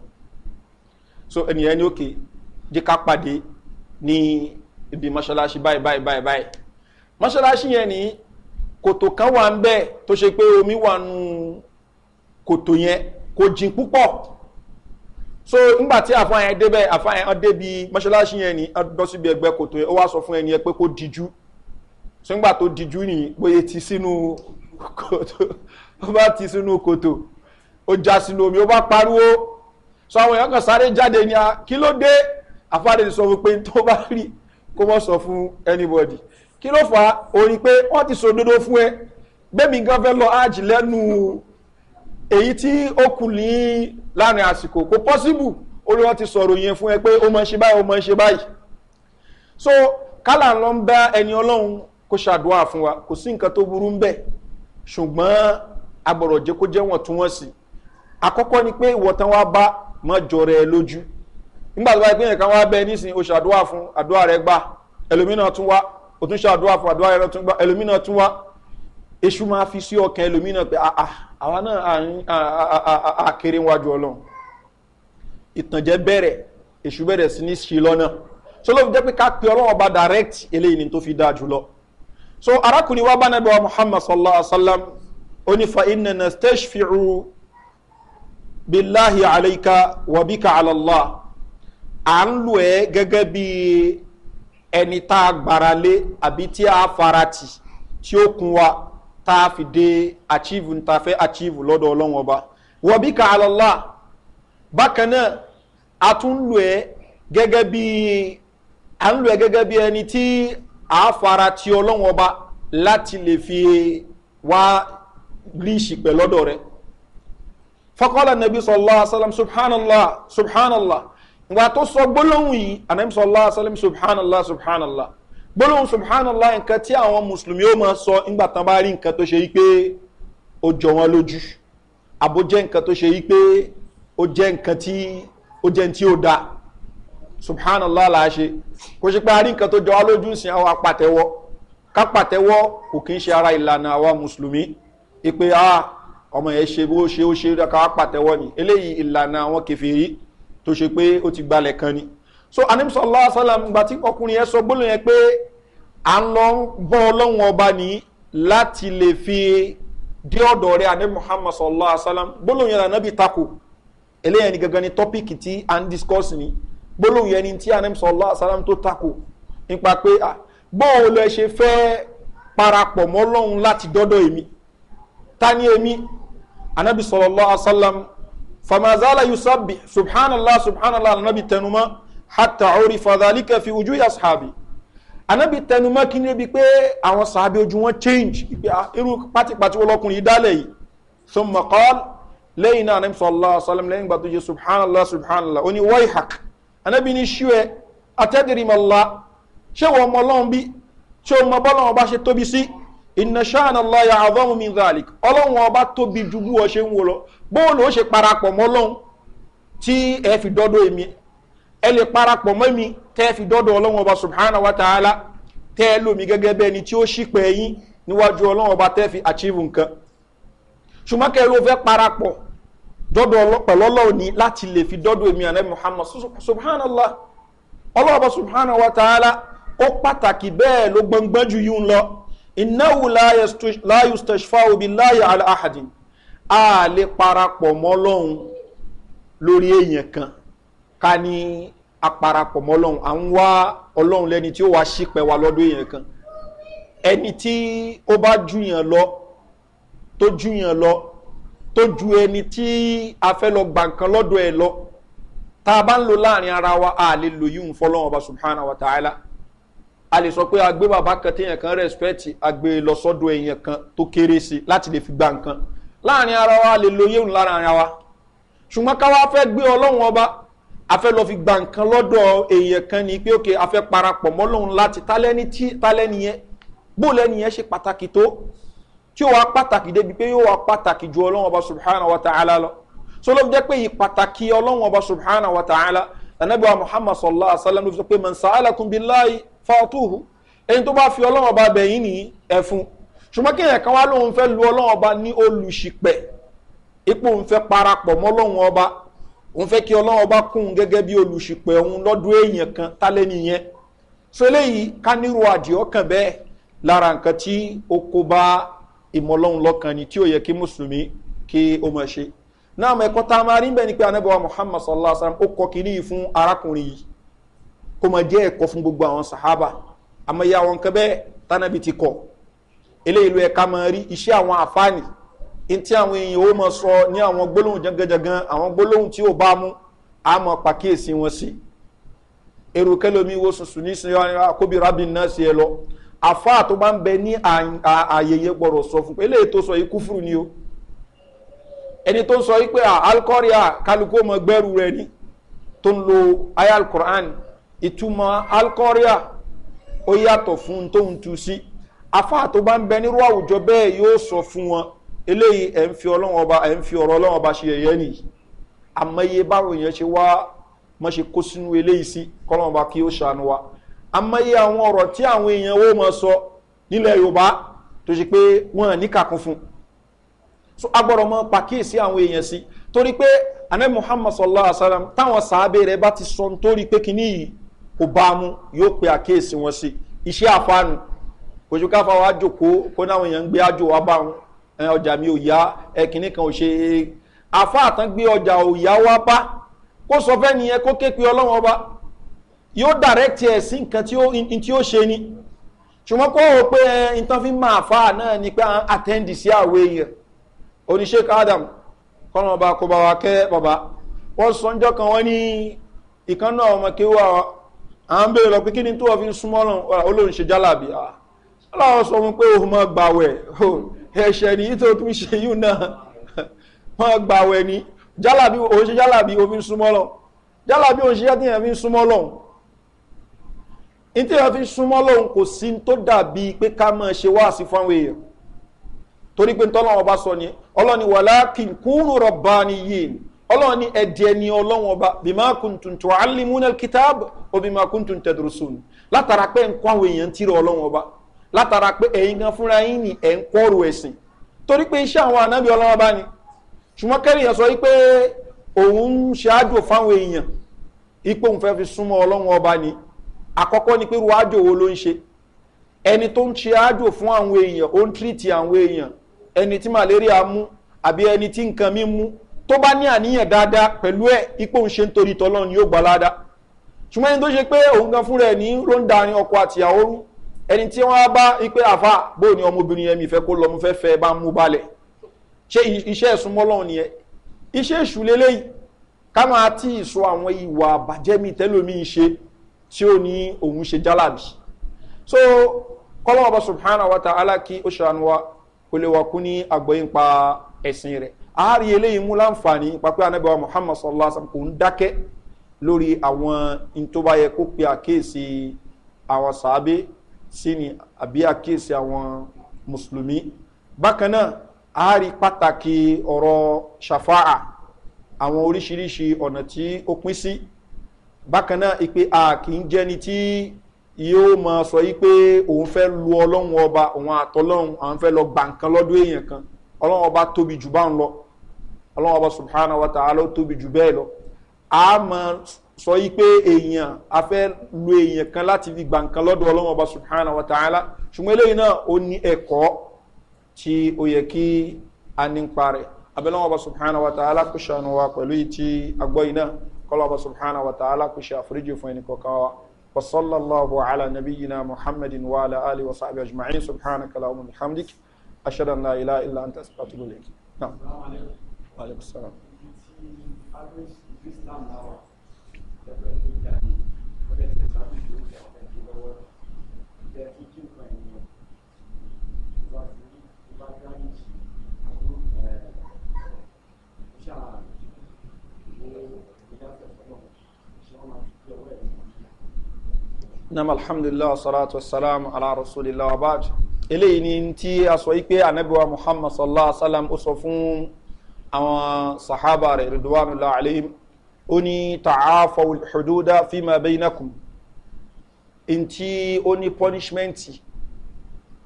so ẹni ẹni òkè jẹ́ ká pàdé ní ibi mọ́ṣáláṣí báyìí báyìí báyìí báyìí mọ́ṣáláṣí yẹn ní kòtò kan wà ń bẹ́ tó ṣe pé omi wà nù kòtò yẹn kò jìn púpọ̀ so ńgbà tí àfáà yẹn débẹ̀ àfáà yẹn débi mọ́ṣáláṣí yẹn ní ọdọ́síbi ẹgbẹ́ kòtò yẹn ó wá sọ fún ẹni yẹn pé kó dijú so ńgbà tó dijú ní bóyá e ti sínú kòtò (laughs) ó bá ti sínú kòtò ó já sínú omi ó bá pariwo so àwọn èèyàn kan sáré jáde ní a kí ló dé àfáà lè sọ fún pé tó bá rí kó mọ̀ sọ fún anybody kí ló fà á o ní pé wọ́n ti sọ òdodo fún ẹ gbẹ̀mí gan fẹ́ lọ ájì lẹ́nu èyí tí ó kù ní láàrin àsìkò kò pọ́síbù olùwọ́n ti sọ̀rọ̀ yẹn fún ẹ pé ó mọ̀ ṣe báyìí ó mọ̀ ṣe báyìí so kálà lọ ń bá ẹni ọlọ́run kó ṣàdúrà fún wa kò sí nǹkan tó burú ń bẹ̀ ṣùgbọ́n agbọ̀rọ̀jẹ́ kó jẹ́ wọ̀n tún wọ́n sí àkọ́kọ́ ni pé ìwọ̀tán wa bá mọ́ jọrọ ẹ lójú nígbà tó bá yẹ pé nǹkan wa bẹ́ẹ̀ nísìnyí ó ṣàdúrà fún àdúrà rẹ gbà ẹlòmíràn tún wá ó tún ṣe àdúrà fún àdúrà ẹ̀rọ tún gbà ẹlòmínà tún wá èṣù máa fi sí ọkàn ẹlòmínà pé ah, ah, àwa náà àkèrè wájú ọlọ́run ìtànjẹ́ bẹ̀rẹ̀ èṣù bẹ̀rẹ̀ sí ní ṣe lọ́nà so ló fi jẹ́ pé ká pe ọlọ́run ọba direct eléyìí ni tó fi dáa jùlọ so arákùnrin wa bá nàbẹ̀ wa muhammad sallallahu alaihi wa sallam ó ní fa iná na stage fi ru bilahi alayka wabika alallah à ń lò ẹ́ gẹ́gẹ́ bíi ẹni tá a gbára lé àbí tí a fara tì tí ó kun wa tá a fi dé achieve ní ta fẹ́ achieve lọ́dọ̀ ọlọ́wọ́n ọba wọ̀bí ka alọ́lá bákan náà a tún lò ẹ́ gẹ́gẹ́ bí à ń lò ẹ́ gẹ́gẹ́ bí ẹni tí a fara tì ọlọ́wọ́n ọba láti lè fi wá ríṣì pẹ̀ lọ́dọ̀ rẹ̀ fọkọ́lá nàbí sọ̀lá sàlám subhanallah subhanallah ìgbà tó sọ gbólóhùn yìí anamsọ allah salim subhanallah subhanallah gbólóhùn subhanallah nǹkan tí àwọn mùsùlùmí ó máa sọ nígbà tán bá rí nǹkan tó ṣe yí pé ó jọ wọn lójú àbó jẹ́ nǹkan tó ṣe yí pé ó jẹ́ nǹkan tí ó jẹ́ tí ó da subhanallah là á ṣe kò ṣe pé a rí nǹkan tó jọ wá lójú sí àwọn apàtẹ́wọ́ ká pàtẹ́wọ́ kò kí ń ṣe ara ìlànà àwa mùsùlùmí ìpè ah, ọmọ yẹn ṣe bó ṣe ó ṣe ká pàtẹ́wọ́ ni eléyìí ìlànà àwọn kẹfìrí tó ṣe pé ó ti gbalẹ̀ kan ni so anamsa allah salam gba tí ọkùnrin yẹn sọ gbólóhùn yẹn pé à ń lọ bọ́ ọlọ́run ọba ní láti lè fi dé ọ̀dọ̀ rẹ anabi muhammad sallallahu alaihi wa sallam gbólóhùn yẹn anabi tako eléyẹn ni gangan ni tọ́píkì tí à ń discuss ni gbólóhùn ni tí anamsa allah salam tó tako nípa pé à bóun lè ṣe fẹ́ parapọ̀ mọ́ ọlọ́run láti dọ́dọ̀ èmi ta ni èmi anabi sallallahu alaihi wa sallam famazala yusabi subhanallah subhanallah anabi tẹnumọ hata ori fadalika fi ojú yasabi anabi tẹnumọ kí ni ebi pé àwọn sàbẹ ojú wọn change irú pátipàti olókùnrin dálẹ yìí sun makal lẹyìn náà anabi sọlá sọlẹm lẹyìn gbàtọ jẹ subhanallah subhanallah oní wayhak anabi ní ṣíwẹ atẹdirimọlá ṣé wọn mọ ọlọrun bí ṣé wọn mọ bọlọrun bá ṣe tóbi sí iná ṣáàna lọ́yà àdọ́mù mi zàlìk ọlọ́run ọba tóbi ju bú ọ ṣe ń wo lọ bóòlù ó ṣe parapọ̀ mọ́ ọlọ́run tí ẹ fi dọ́dọ̀ èmi ẹ lè parapọ̀ mọ́ mi tẹ́ ẹ fi dọ́dọ̀ ọlọ́run ọba subhanahu wa ta'ala tẹ́ ẹ lómi gẹ́gẹ́ bẹ́ẹ̀ ni tí ó ṣìpẹ́ yín níwájú ọlọ́run ọba tẹ́ fi achieve nǹkan ṣùgbọ́n kẹ́ ló fẹ́ parapọ̀ dọ́dọ̀ pẹ̀lú ọlọ́run ni láti lè fi dọ́dọ̀ èmi àná muhammad subhanahu wa ta'ala ó pàtàkì bẹ́ẹ̀ ló gbọ́ngbọ́n ju yìí lọ ìnáwó láyé stashfa obi láyé aláhàdì a lè parapọ̀ mọ́ lọ́hùn lórí èèyàn kan ká ní aparapọ̀ mọ́ lọ́hùn à ń wá ọlọ́hùn lẹ́ni tí ó wá sípẹ́ wa lọ́dọ̀ èèyàn kan ẹni tí ó bá júyàn lọ tó júyàn lọ tó ju ẹni tí a fẹ́ lọ gbà nǹkan lọ́dọ̀ ẹ̀ lọ tá a bá ń lo láàrin ara wa a lè lò yíwùn fọlọ́hùn ọba subhanahu wa ta'ala a lè sọ pé a gbé bàbá kan téèyàn kan rẹ́spẹ́tì a gbé lọ sọ́dọ̀ èèyàn kan tó kéré sí láti lè fi gba nǹkan láàrin ara wa a lè lo yéhùn lára ara wa ṣùgbọ́n káwa fẹ́ gbé ọlọ́run ọba a fẹ́ lọ fi gba nǹkan lọ́dọ̀ èèyàn kan ni pé òkè a fẹ́ parapọ̀ mọ́lọ́run láti tálẹ́ni tí tálẹ́ni yẹn bó lẹ́ni yẹn ṣe pàtàkì tó tí ó wá pàtàkì débi pé yóò wá pàtàkì ju ọlọ́run ọba subhanahu wa ta'ala lọ so ló fi jẹ́ pé yìí pàtàkì ọlọ́run ọba subhanahu wa ta'ala anabi muhammad sallallahu alaihi wa sallam ló fi sọ pé mọ̀ nsàlẹ̀ fọ́ọ̀tùhù ẹni tó bá fi ọlọ́run ọba bẹ̀ yín ní ẹ̀fún ṣùgbọ́n kí ẹ̀kan wá lóun fẹ́ lu ọlọ́run ọba ní olùṣìpẹ̀ ipò òun fẹ́ parapọ̀ mọ́ ọlọ́run ọba òun fẹ́ kí ọlọ́run ọba kún gẹ́gẹ́ bí olùṣìpẹ̀ òun lọ́dún èèyàn kan tálẹ́ nìyẹn so eléyìí ká nírú àdìọ́ bẹ́ẹ̀ lára nǹkan tí ó kó bá ìmọ̀lọ́run yẹ kí mùsùlùmí kí ó mọ̀ ṣe náà tá a máa rí bẹ́ẹ̀ ni pé anábẹ́wà muhammad sallallahu fún arákùnrin yìí kó máa jẹ́ ẹ̀kọ́ fún gbogbo àwọn sàhábà àmọ́ ìyá àwọn nǹkan bẹ́ẹ̀ tánàbí ti kọ̀ eléyìí ló ẹ̀ka máa rí iṣẹ́ àwọn àfáàní ntí àwọn èèyàn ó máa sọ ní àwọn gbólóhùn janganjangan àwọn gbólóhùn tí ò bá mú á mọ pàkíyèsí wọn sí èrò kẹlòmí wo sùnsùn ní sinmi àkóbí rábì náà sí ẹ lọ àfáà tó bá ń bẹ ní àyèyè gbọ̀rọ̀ sọ fún pé tó sọ yìí kúfùrù ni o ẹni tó ń sọ yìí pé alkọ́ríà kálukú ọmọ gbẹ́rù rẹ ni tó ń lo ayal quran ìtumọ̀ alkọ́ríà ó yàtọ̀ fún tóun tu sí afá tó bá ń bẹ nírú àwùjọ bẹ́ẹ̀ yóò sọ fún wọn eléyìí ẹ̀ ń fi ọlọ́wọ́n ọba ẹ̀ ń fi ọ̀rọ̀ ọlọ́wọ́n ọba ṣe yẹ̀yẹ́ nìyí àmọye báwo yẹn ṣe wá mọ́ ṣe kó sínú eléyìí sí kọ́lọ́wọ́n ọba kí ó ṣàánú wa àmọye àwọn ọ̀rọ̀ tí àwọn èèyàn ó mọ sọ nílẹ̀ yorùbá tó ṣe pé wọ́n ní fún so agbọ́dọ̀ mọ́ pàkíyèsí àwọn èèyàn sí torí pé anabi muhammad sallallahu alaihi wa sallam táwọn sàábẹ̀ rẹ̀ bá ti sọ nítorí pé kinní yìí kò bá a mú yóò pe àkíyèsí wọn sí iṣẹ́ àfáànù ojú káfá wa jòkó kó náwọn èèyàn ń gbé àjò wa bá wọn ọjà mi ò yá ẹkìnní kan ò ṣe é àfa àtàn gbé ọjà ò yá wa bá kó sọ fẹ́ nìyẹn kó képe ọlọ́run ọba yóò dàrẹ́kìtì ẹ̀ sí nǹkan tí ó ṣe ni ṣùgbọ́n kó o pé nǹkan fi máa fa náà ni pé à àtẹ́ǹdì sí àwọ̀ èèyàn oníṣèkà adam kọ́nà ọba kó bá wa kẹ́ bàbá wọ́n sọ ọjọ́ kan wọ́n ní ìkànnà ọmọ kéwàá à ń béèrè lọ pé kí ni tó fi ń súnmọ́ olóhùn ṣe jálàbí aláwọ̀ sọ fún pé òun mọ́ gbàwẹ̀ ẹ̀ṣẹ̀ nìyí tó tún ṣe yìí náà mọ́ gbàwẹ̀ ni jálàbí òun ṣe jálàbí òun fi ń súnmọ́ lọ jálàbí òun ṣe yá tíyẹn fi ń súnmọ́ lọ́hùn ní tíyẹn fi ń súnmọ́ lọ́hùn kò sí tó dàbí pé ká mọ̀ ṣe wá sí fáwọn èèyàn torí pé ń tọ́lọ́wọ́n bá sọ ni ọlọ́ni wàlá kì rọ̀ bá ni yìí ọlọ́run ní ẹ̀dì ẹni ọlọ́run ọba bímá kuntun tó alimunal kitab o bímá kuntun tẹdurusun látara pé ń kọ́ àwọn èèyàn tìrọ ọlọ́run ọba látara pé ẹ̀yin gan fúnra yín ni ẹ̀ ń kọ́rù ẹ̀sìn torí pé iṣẹ́ àwọn anábì ọlọ́run ọba ni ṣùgbọ́n kẹ́rìyàn sọ wípé òun ń ṣáájò fáwọn èèyàn ipò òun fẹ́ fi súnmọ́ ọlọ́run ọba ni àkọ́kọ́ ni pé ruwájò wo ló ń ṣe ẹni tó ń ṣáájò tó bá ní àníyàn dáadáa pẹ̀lú ẹ̀ ipò ń ṣe ń torí tọ́lọ́ ni yóò gbà ládàá ṣùgbọ́n ẹni tó ṣe pé òun gan fúnra ẹ̀ ní ronda àrin ọkọ àtìyàwó rú ẹni tí wọ́n bá ipe àfa bó ni ọmọbìnrin yẹn mi fẹ́ kó lọ mo fẹ́ fẹ́ bá mú balẹ̀ ṣé iṣẹ́ ẹ̀sùn mọ́lọ́ nìyẹn iṣẹ́ èṣù lélẹ́yìí ká máa tí ì sọ àwọn ìwà àbàjẹ́ mi tẹ́lómi ṣe tí ó ní òun ṣe jálàbì so kọ́lọ́wọ́ bá subhanahu wa ta'ala kí ó ṣàánú wa kó lè wà kú ní àgbọ̀yìn pa ẹ̀sìn rẹ̀ àárí eléyìí mú láǹfààní pàpẹ́ anábẹ́wà muhammad sallallahu alaihi wa sallam kò ń dákẹ́ lórí àwọn ntọ́bayẹ kó pe àkíyèsí àwọn sàábé sí ni àbí àkíyèsí àwọn mùsùlùmí bákan náà àárí pàtàkì ọ̀rọ̀ ṣàfáà àwọn oríṣiríṣi ọ̀nà tí ó pín sí bákan náà ìpè a kì í jẹ́ni tí yóò máa sọ yí pé òun fẹ́ lu ọlọ́run ọba òun àtọ́lọ́run àwọn fẹ́ lọ gbà nǹkan lọ́dún èèyàn kan ọlọ́run ọba tóbi jù bá ń lọ ọlọ́wọ́n ọba subhana wa ta'ala ó tóbi jù bẹ́ẹ̀ lọ a máa sọ yí pé èèyàn a fẹ́ lo èèyàn kan láti fi gbà nǹkan lọ́dọ̀ ọlọ́wọ́n ọba subhana wa ta'ala ṣùgbọ́n eléyìí náà ó ní ẹ̀kọ́ tí ó yẹ kí a ní ń parẹ́ abẹ́lẹ́wọ̀n ọba subhana wa ta'ala kò ṣàánú wa pẹ̀lú yìí tí agbọ́ yìí náà kọ́lọ́ ọba subhana wa ta'ala kò ṣe àforíjì fún ẹnì kọ̀ọ̀kan wa وصلى الله على نبينا محمد وعلى آله وصحبه أجمعين سبحانك اللهم وبحمدك أشهد أن لا إله إلا أنت أستغفرك إليك نعم Aleykum salaam. nam alhamdulilah salatu wasalam ala rasulillah abaj eléyìí ni tí a sọ yìí pé anabiwa muhammad sallallahu alaihi wa sallam ó sọ fún àwọn sahaba rẹ̀ ridwanullah alayhim ó ní tààfọ̀ hududa fima bainakum ntí ó ní pọ́nísímẹ́ǹtì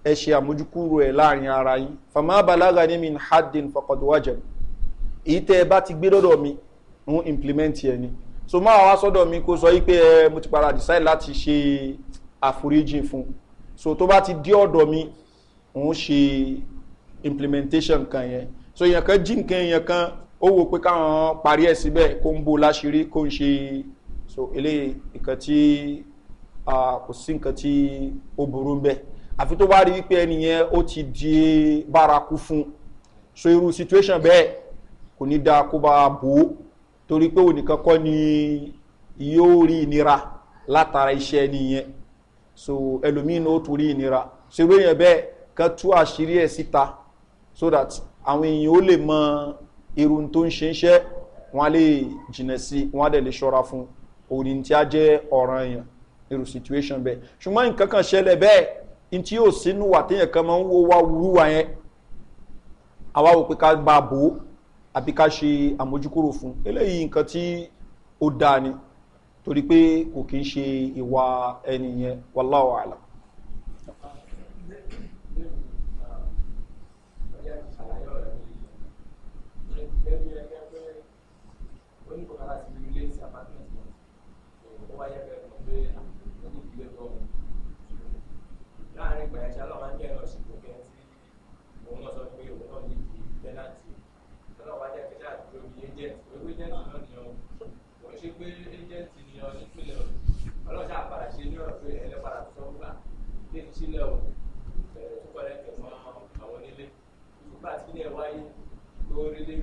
ẹ ṣe àmójúkúrò ẹ̀ láàrin ara yín fama balaga ni min haddin fakọ̀dọ̀wájẹ̀ èyí tẹ́ ẹ bá ti gbé lọ́dọ̀ mi ń implement ẹ so máa wá sọ́dọ̀ mi kó sọ yí pé mo ti para decide láti ṣe àforíjì fún so tó bá ti dé ọ̀dọ̀ mi ń ṣe implementation kan yẹn so èèyàn kan jí nǹkan èèyàn kan ó wo pé káwọn parí ẹ̀ síbẹ̀ kó ń bo láṣìírí kó ń ṣe so eléyìí nǹkan tí kò sí nǹkan tí ó burú bẹ́ẹ̀ àfi tó bá rí pé ẹni yẹn ó ti di bárakú fún so irú situation bẹ́ẹ̀ kò ní dáa kó bá bò ó torí pé ònìkan kọ́ ni yóò rí ìnira látara iṣẹ́ ẹni yẹn so ẹlòmíín ó tún rí ìnira so irú èèyàn bẹ́ẹ̀ kan tú àṣírí ẹ̀ síta so that àwọn èèyàn ó lè mọ irun tó ń ṣe ń ṣẹ́ wọn lè jìnà sí wọn dẹ̀ lè ṣọ́ra fún òní tí a jẹ́ ọ̀ràn èèyàn irú situation bẹ́ẹ̀ ṣùgbọ́n nǹkan kan ṣẹlẹ̀ bẹ́ẹ̀ n tí yóò sínú wà téèyàn kan máa ń wo wá wúwa yẹn àwa wò pé ká bá a bò ó àbí ká ṣe àmójúkúrò fún eléyìí nǹkan tí ó dáa ni torí pé kò kí ń ṣe ìwà ẹnìyẹn wàláwàá àlàm.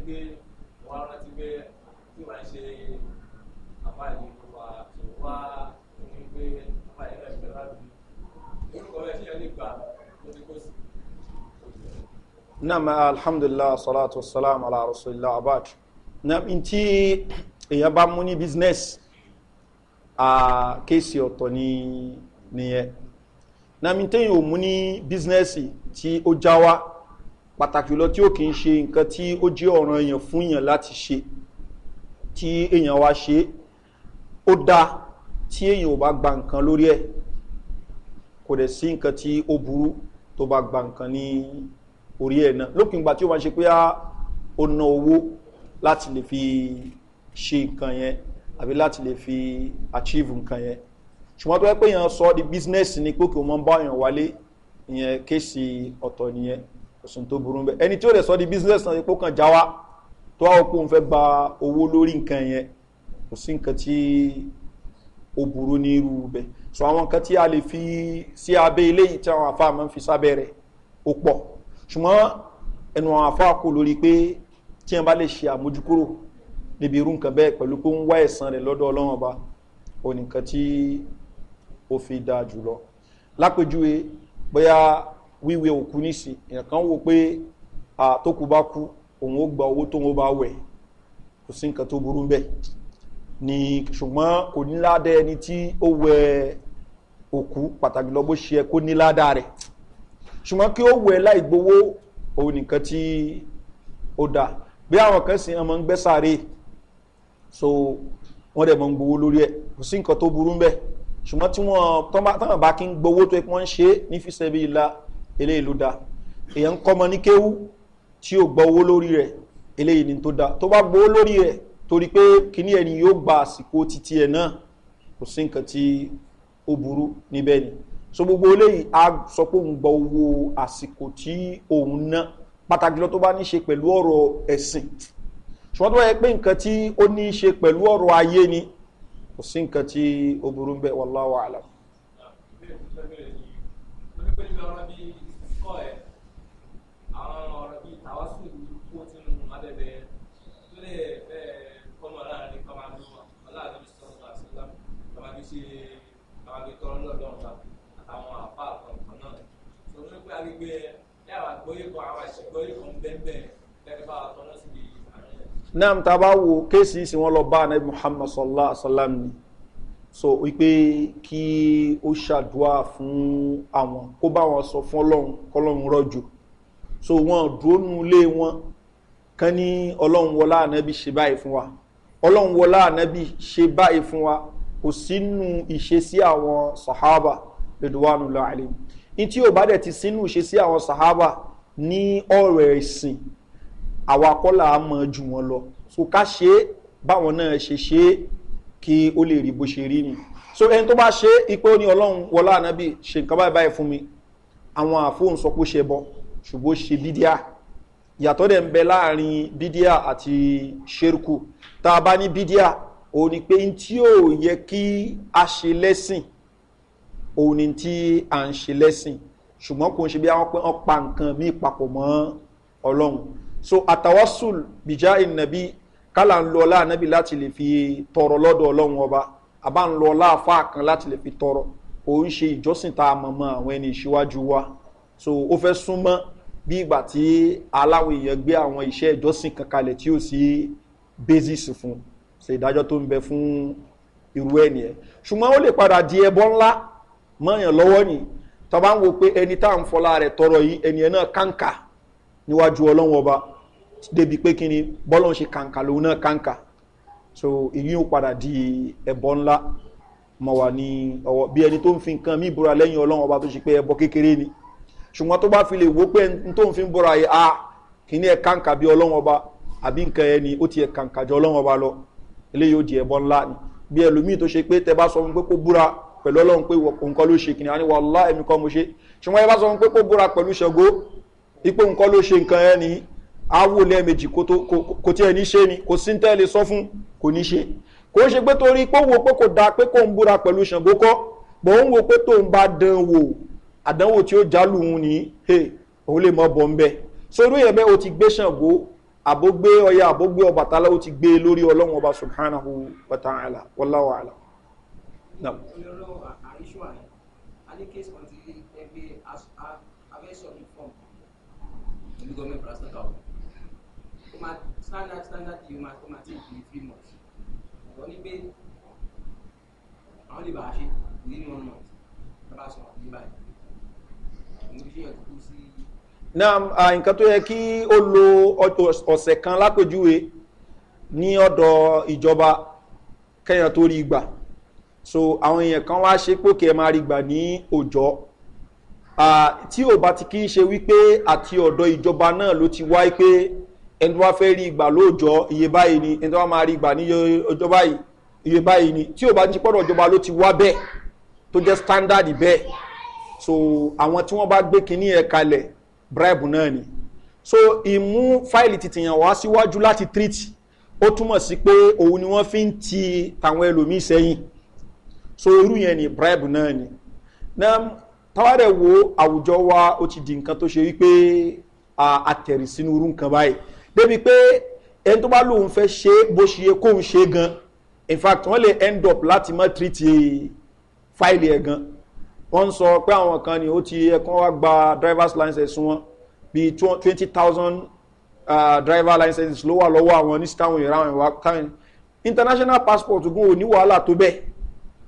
pé wọ́n á rántí pé tí wàá ṣe àbá yìí ló wà tó wá ní pé àbá yìí náà fẹ́ láti orúkọ rẹ̀ ṣíyẹn nígbà tó ti kó sí. Nam alhamdulillah salatu wassalam ala rasulillah abad. Nam nti èèyàn bá mú ní business kéèsì ọ̀tọ̀ ni nìyẹn. Nam nti èèyàn ò mú ní business tí ó já wá pàtàkì lọ tí ó kì í ṣe nǹkan tí ó jẹ́ ọ̀ràn èèyàn fún èèyàn láti ṣe tí èèyàn wá ṣe ó dáa tí èèyàn ò bá gba nǹkan lórí ẹ̀ kò dẹ̀ sí nǹkan tí ó burú tó bá gba nǹkan ní orí ẹ̀ náà lópin ìgbà tí ó máa ṣe pé ó ná owó láti lè fi ṣe nǹkan yẹn àbí láti lè fi achieve nǹkan yẹn ṣùgbọ́n tó yẹ pé èèyàn sọ ọ́ di business ni pé kí o bá èèyàn wálé ìyẹn kéèsì ọ̀tọ̀ nìyẹn kò sí tó burú bẹ́ẹ̀ ẹni tí ó lè sọ di business náà epo kan já wa tó wá òkú òun fẹ́ gba owó lórí nǹkan yẹn kò sí nǹkan tí ó burú ní irú bẹ́ẹ̀ so àwọn nǹkan tí a lè fi sí abẹ́ eléyìí tí àwọn àfa máa ń fi sábẹ́ rẹ̀ ó pọ̀ ṣùgbọ́n ẹnu àwọn àfa kò lórí pé tí wọn bá lè ṣe àmójúkúrò níbi irú nǹkan bẹ́ẹ̀ pẹ̀lú pé ń wá ẹ̀sán rẹ̀ lọ́dọ̀ ọlọ́run ọba ò nìkan tí ó fi dáa jùlọ lápèjúwe bóyá wíwé òkú nísì èèyàn kan wo pé tó kú bá kú òun ó gba owó tó ń bá wẹ̀ kò sí nǹkan tó burú bẹ́ẹ̀ ni ṣùgbọ́n kò ní ládẹ́ ẹni tí ó wẹ òkú pàtàkì lọ bó ṣe ẹ kó ní ládàá rẹ̀ ṣùgbọ́n kí ó wẹ láì gbowó òun nìkan tí ó dà bí àwọn kan sì ọmọ ń gbẹ́ sáré so wọ́n dẹ̀ mọ́ ń gbowó lórí ẹ̀ kò sí nǹkan tó burú bẹ́ẹ̀ ṣùgbọ́n tí wọ́n tán bá kí ń gbowó tó ẹ pọ́n ṣe é ní bí i eléyìí ló da èèyàn ń kọ́mọ ní kéwú tí yóò gba owó lórí rẹ̀ eléyìí ni tó da tó bá gbowó lórí rẹ̀ torí pé kíní ẹni yóò gba àsìkò títí ẹ̀ náà kò sí nǹkan tí ó burú níbẹ̀ ni so gbogbo eléyìí a sọ pé òun gba owó àsìkò tí òun ná pàtàkì lọ tó bá ní ṣe pẹ̀lú ọ̀rọ̀ ẹ̀sìn ṣùgbọ́n tó bá yẹ pé nǹkan tí ó ní ṣe pẹ̀lú ọ̀rọ̀ ayé ni kò sí nǹkan tí ó burú ń bẹ̀ kọ́ ẹ̀ àwọn ọ̀rọ̀ bíi tàwásù ìlú kó tínú adẹ́dẹ́ tó lè fẹ́ kọ́mọ láàrin kọ́mọ àdúrà ọláàdúrà sọ̀rọ̀ àṣìlá kọ́mọ bí ṣe kọ́mọ bí tọrọ lọ́dọ̀ ọ̀la àtàwọn àpá àkọ̀ọ̀kan náà tó ní pé agbègbè yàrá gbóyè kan àwọn àṣìgbóyè kan bẹ́ẹ̀ bẹ́ẹ̀ bá a tọ́lọ́ sí náà tá a bá wo kéèsì sí wọn lọ bá anabi muhammad sallallahu alaihi wa ni so wípé kí ó ṣàdúrà fún àwọn kó bá wọn sọ fún ọlọ́run kọlọ́run rọ́jò so wọn dúró nu ilé wọn kán ní ọlọ́run wọlá ànábì ṣe báyìí fún wa ọlọ́run wọlá ànábì ṣe báyìí fún wa kò sínú ìṣesí àwọn sahaba lẹ́dọ̀wánu láàrin ní tí ò bá dẹ̀ ti sínú ìṣesí àwọn sahaba ní ọ̀rọ̀ ẹ̀sìn àwọn akọ́là á mọ ju wọn lọ so ká ṣe báwọn náà ṣe ṣe é kí ó lè rí bó ṣe rí ni so ẹni tó bá ṣe ipò ní ọlọ́run wọlá ànábì ṣe nǹkan báyìí báyìí fún mi àwọn àfóhùn sọ pé ó ṣe bọ ṣùgbọ́n ṣe bídíà yàtọ̀ dẹ̀ ń bẹ láàrin bídíà àti ṣerku tá a bá ní bídíà òun ni pé n tí ò yẹ kí a ṣe lẹ́sìn òun ni tí a ń ṣe lẹ́sìn ṣùgbọ́n kò ń ṣe bí wọ́n pa nǹkan míì papọ̀ mọ́ ọlọ́run so àtàwọ́sùl bìjà ìnàbí Kala ń lọ ọlá ànábì láti lè fi tọrọ lọ́dọ̀ ọlọ́run ọba àbá ń lọ ọlá afá kan láti lè fi tọrọ òun ṣe ìjọsìn tá a mọ̀ mọ́ àwọn ẹni ìṣíwájú wa so ó fẹ́ súnmọ́ bí ìgbà tí aláwọ̀ èèyàn gbé àwọn iṣẹ́ ìjọsìn kankalẹ̀ tí ó sì basis fún ṣe ìdájọ́ tó ń bẹ fún irú ẹni ẹ̀ ṣùgbọ́n ó lè padà di ẹbọ ńlá mọ́yàn lọ́wọ́ ni tọ́ ń wo pé ẹni tá à ń fọlá rẹ̀ tọrọ yìí ẹni ẹ̀ náà kàǹkà níwájú ọlọ́run ọba débi pé kí ni bọ́lọ̀ ń ṣe kàǹkà lòun náà so èyí ó padà di ẹ̀bọ ńlá mọ̀ wà ní ọwọ́ bí ẹni tó ń fi nǹkan mí ìbúra lẹ́yìn ọlọ́run ọba tó ṣe pé ẹbọ kékeré ni ṣùgbọ́n tó bá fi lè wó pé n tó ń fi búra yìí a kì í ní kàǹkà bí ọlọ́run ọba àbí nǹkan ẹ ni ó ti ẹ̀ kàǹkà jọ ọlọ́run ọba lọ eléyìí ó di ẹbọ ńlá ni bí ẹlòmíì tó ṣe pé tẹ bá sọ fún pé kó búra pẹ̀lú ọlọ́run pé nǹkan ló ṣe kìnìún àníwá ọlá ẹ̀mí kan mo ṣe ṣùgbọ́n ẹ bá sọ fún awo lẹ́ẹ̀mejì kò tí ẹ̀ ní ṣe ni kò sí ń tẹ́lẹ̀ sọ fún kò ní ṣe kò ń ṣe pé torí pé wo pé kò da pé kò ń búra pẹ̀lú ṣàǹgó kọ́ bọ̀ ń wo pé tó ń bá dán wò àdánwò tí ó jálù òun ní òun lè mọ bọ̀ ń bẹ̀ sórí ẹ̀ bẹ́ẹ̀ o ti gbé ṣàǹgó àbógbé ọya àbógbé ọbàtálá ó ti gbé e lórí ọlọ́run ọba subhanahu wa ta'ala wàláwà àlà. Government máa standard standard yìí máa tó máa tí ì fi three months ọ̀rọ̀ ní pé àwọn lè bá a ṣe within one month bá a sọ àwọn lè bá a ṣe ní fi hàn kúkú sí. náà nǹkan tó yẹ kí ó lo ọ̀sẹ̀ kan lápèjúwe ní ọ̀dọ̀ ìjọba kẹ́yàn tó rí gbà so àwọn èèyàn kan wá ṣe pé kí ẹ máa rí gbà ní òòjọ́ tí ò bá ti kí ń ṣe wípé àti ọ̀dọ̀ ìjọba náà ló ti wáyé pé ẹni tó wá fẹ́ rí ìgbà lóòjọ́ iye báyìí ni ẹni tó wá máa rí ìgbà ní ọjọ́ báyìí iye báyìí ni tí ò bá ti pọ́dọ̀ ìjọba ló ti wá bẹ́ẹ̀ tó jẹ́ standard bẹ́ẹ̀ so àwọn tí wọ́n bá gbé kinní ẹ̀ kalẹ̀ bribe náà ni so ìmú fáìlì tìtìyàn wá síwájú láti treat ó túmọ̀ sí pé òun ni wọ́n fi ń ti tàwọn ẹlòmíì sẹ́yìn so irú yẹn ni bribe náà ni náà táwárẹ̀ wo àwùjọ wa ó ti di nǹkan tó ṣe wípé àtẹ̀rì sínú irú báyìí débi pé ẹni tó bá lóun fẹ́ ṣe bó ṣe yẹ kóun ṣe gan in fact wọ́n lè end up láti mọ́ treat e fáìlì ẹ̀ gan wọ́n ń sọ pé àwọn kan ni ó ti ẹ̀kan wá gba driver's license wọn bíi twenty thousand driver licenses ló wà lọ́wọ́ àwọn ní sítáwọn ìran ìwà káyìn international passport gun ò ní wàhálà tó bẹ́ẹ̀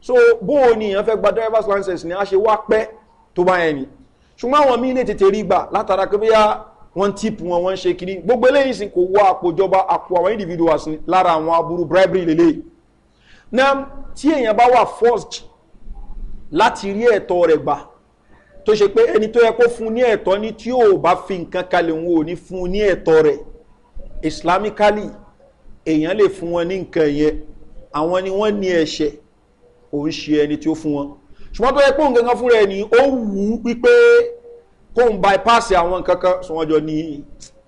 so bó ni ní èèyàn fẹ́ gba driver's license ni a ṣe wá pẹ́ tó bá yẹn ni ṣùgbọ́n àwọn míì lè tètè rí gbà látara pé wọ́n tíìpù wọn wọ́n ṣe kiri gbogbo eléyìí sì kò wọ àpòjọba àpò àwọn individuals ni lára àwọn aburú bribery lélẹ̀ náà tí èèyàn bá wà forced láti rí ẹ̀tọ́ rẹ̀ gbà tó ṣe pé ẹni tó yẹ kó fún ní ẹ̀tọ́ ni tí yóò bá fi nǹkan kalẹ̀ òun ò ní fún ní ẹ̀tọ́ rẹ̀ islamically èèyàn lè fún wọn ní nǹkan yẹn àwọn ni wọ́n ní ẹ̀ṣẹ̀ òun ṣe ẹni tí fún wọn ṣùgbọ́n tó yẹ pé òun gangan fúnra ẹ̀ ní ó wù ú pípé kó ń bypass àwọn nǹkan kan jọ ní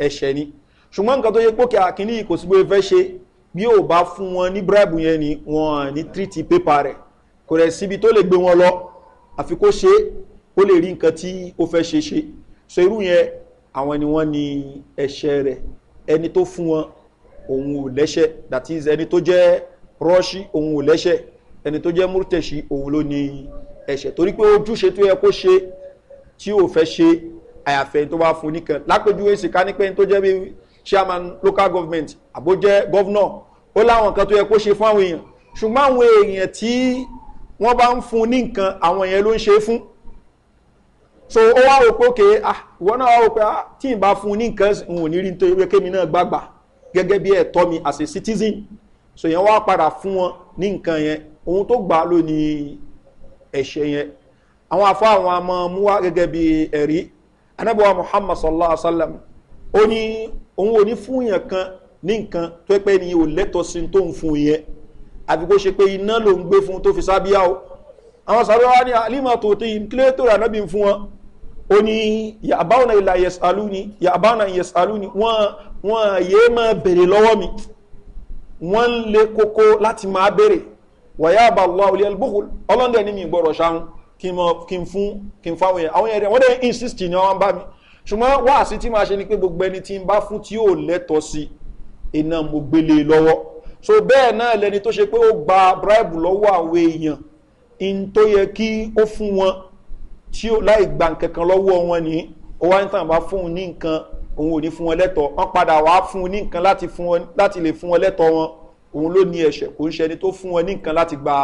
ẹ̀ṣẹ̀ ni ṣùgbọ́n nǹkan tó yẹ pé àkíní kò sí pé ṣe bí ò bá fún wọn ní bribe yẹn ni wọn ní treaty paper rẹ̀ kò rẹ̀ síbi tó lè gbé wọn lọ àfi kó ṣe ó lè rí nǹkan tí ó fẹ́ ṣe ṣe so irú yẹn àwọn ni wọ́n ní ẹ̀ṣẹ̀ rẹ̀ ẹni tó fún wọn òun ò lẹ́ṣẹ̀ that is ẹni tó jẹ́ rọ́ṣí òun ò lẹ́ṣẹ̀ ẹni tó jẹ́ múrtẹ̀ṣí òun ló ní ẹ̀ṣẹ̀ torí pé ojúṣe tó yẹ kó ṣe tí ò fẹ́ ṣe àyàfẹ́ tó bá fún nìkan lápèjúwe sì ní pé tó jẹ́ bí chairman local government àbó governor ó láwọn nǹkan tó yẹ kó ṣe fún àwọn èèyàn ṣùgbọ́n àwọn èèyàn tí wọ́n bá ń fún ní nǹkan àwọn èèyàn ló ń ṣe fún so ó wá rò pé òkè ah, ìwọ náà wá rò pé ah, tí n bá fún ní nǹkan n ò ní rí nítorí pé kémi náà gbàgbà gẹ́gẹ́ bí ẹ̀tọ́ mi as a citizen so yẹn wá padà fún wọn ní nǹkan yẹn ohun tó gbà ló ẹ̀ṣẹ̀ yẹn àwọn afọ àwọn àmọ́ mú wá gẹ́gẹ́ bí ẹ̀rí anábọ̀wá muhammad sallallahu alayhi wa sallam ó ní òun ò ní fún yàn kan ní nǹkan tó pé ní o lẹ́tọ̀ sí tó ń fún yẹn àbí kó ṣe pé iná ló ń gbé fún tó fi sábíà o àwọn sábẹ́ wa ní alima tó tí kí ló tó rà náà fún wọn ó ní yàbáwọnà ìlà ni yàbáwọnà yẹsàlú ni wọn wọn yé máa bèrè lọ́wọ́ mi wọn ń le koko láti máa bèrè wàyà àbàlọ́ ọlẹ́lbùkù ọlọ́ndẹ̀ ní mi gbọ́dọ̀ ṣáwọn kí n fún kí n fáwọn yẹn àwọn yẹn rẹ wọ́n dẹ̀ insist ni wọ́n bá mi ṣùgbọ́n wáàsí tí máa ṣe ni pé gbogbo ẹni tí n bá fún tí yóò lẹ́tọ̀ọ́ sí iná mo gbélé e lọ́wọ́ so bẹ́ẹ̀ náà lẹni tó ṣe pé ó gba bribe lọ́wọ́ àwọn èèyàn in tó yẹ kí ó fún wọn tí ó láì gba nǹkan kan lọ́wọ́ wọn ní ó wá ń tàn bá fún un ní nǹkan òun ò ní fún wọn lẹ́tọ̀ọ́ wọn padà wá fún un ní nǹkan láti lè fún wọn lẹ́tọ̀ọ́ wọn òun ló ní ẹ̀ṣẹ̀ kò ń ṣẹni tó fún wọn ní nǹkan láti gba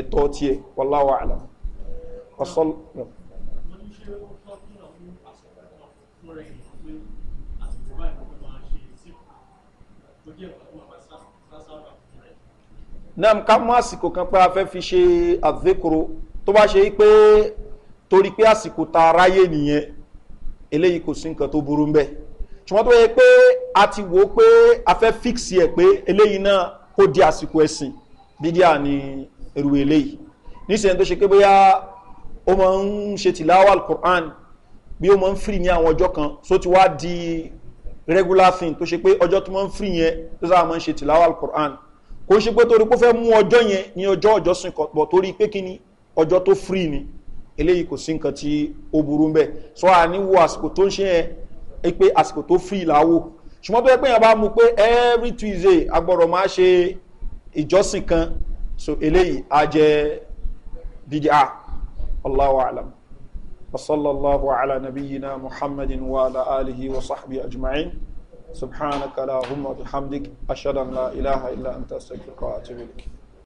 ẹ̀tọ́ tiẹ̀ wọ́láwà ọ̀sán. náà ká mú àsìkò kan pé a fẹ́ fi ṣe àdékòrò tó bá ṣe pé torí pé àsìkò ta aráyé nìyẹn eléyìí kò sí nǹkan tó burú ń bẹ́ẹ̀ ṣùgbọ́n tó yẹ pé a ti wò ó pé a fẹ́ fíksì ẹ̀ pé eléyìí náà kó di àsìkò ẹ̀sìn bídíà ni èrò eléyìí níṣẹ́ tó ṣe pé bóyá ó máa ń ṣe tìláwà alukur'an bí ó máa ń firi ní àwọn ọjọ́ kan so ti wá di regular thing tó ṣe pé ọjọ́ tó máa ń firi yẹn tó sábà máa ń ṣe tìláwà alukur'an kò ṣe pé torí pé fẹ́ mú ọjọ́ yẹn ní ọjọ́ ọjọ́sìn kan pọ̀ torí pé kí ni ọjọ́ tó firi ni eléyìí kò sí nǹkan tí ó burú ń bẹ̀ sọ àníwò àsìkò tó ń ṣe yẹn é pé àsìkò tó firi làwò ṣùgbọ́n tó yẹ pé yẹn bá mu pé every tuesday agbọ̀rọ̀ máa ṣe ìjọsìn kan so eléyìí á jẹ́ bda والله أعلم وصلى الله على نبينا محمد وعلى آله وصحبه أجمعين سبحانك اللهم وبحمدك أشهد أن لا إله إلا أنت أستغفرك وأتوب إليك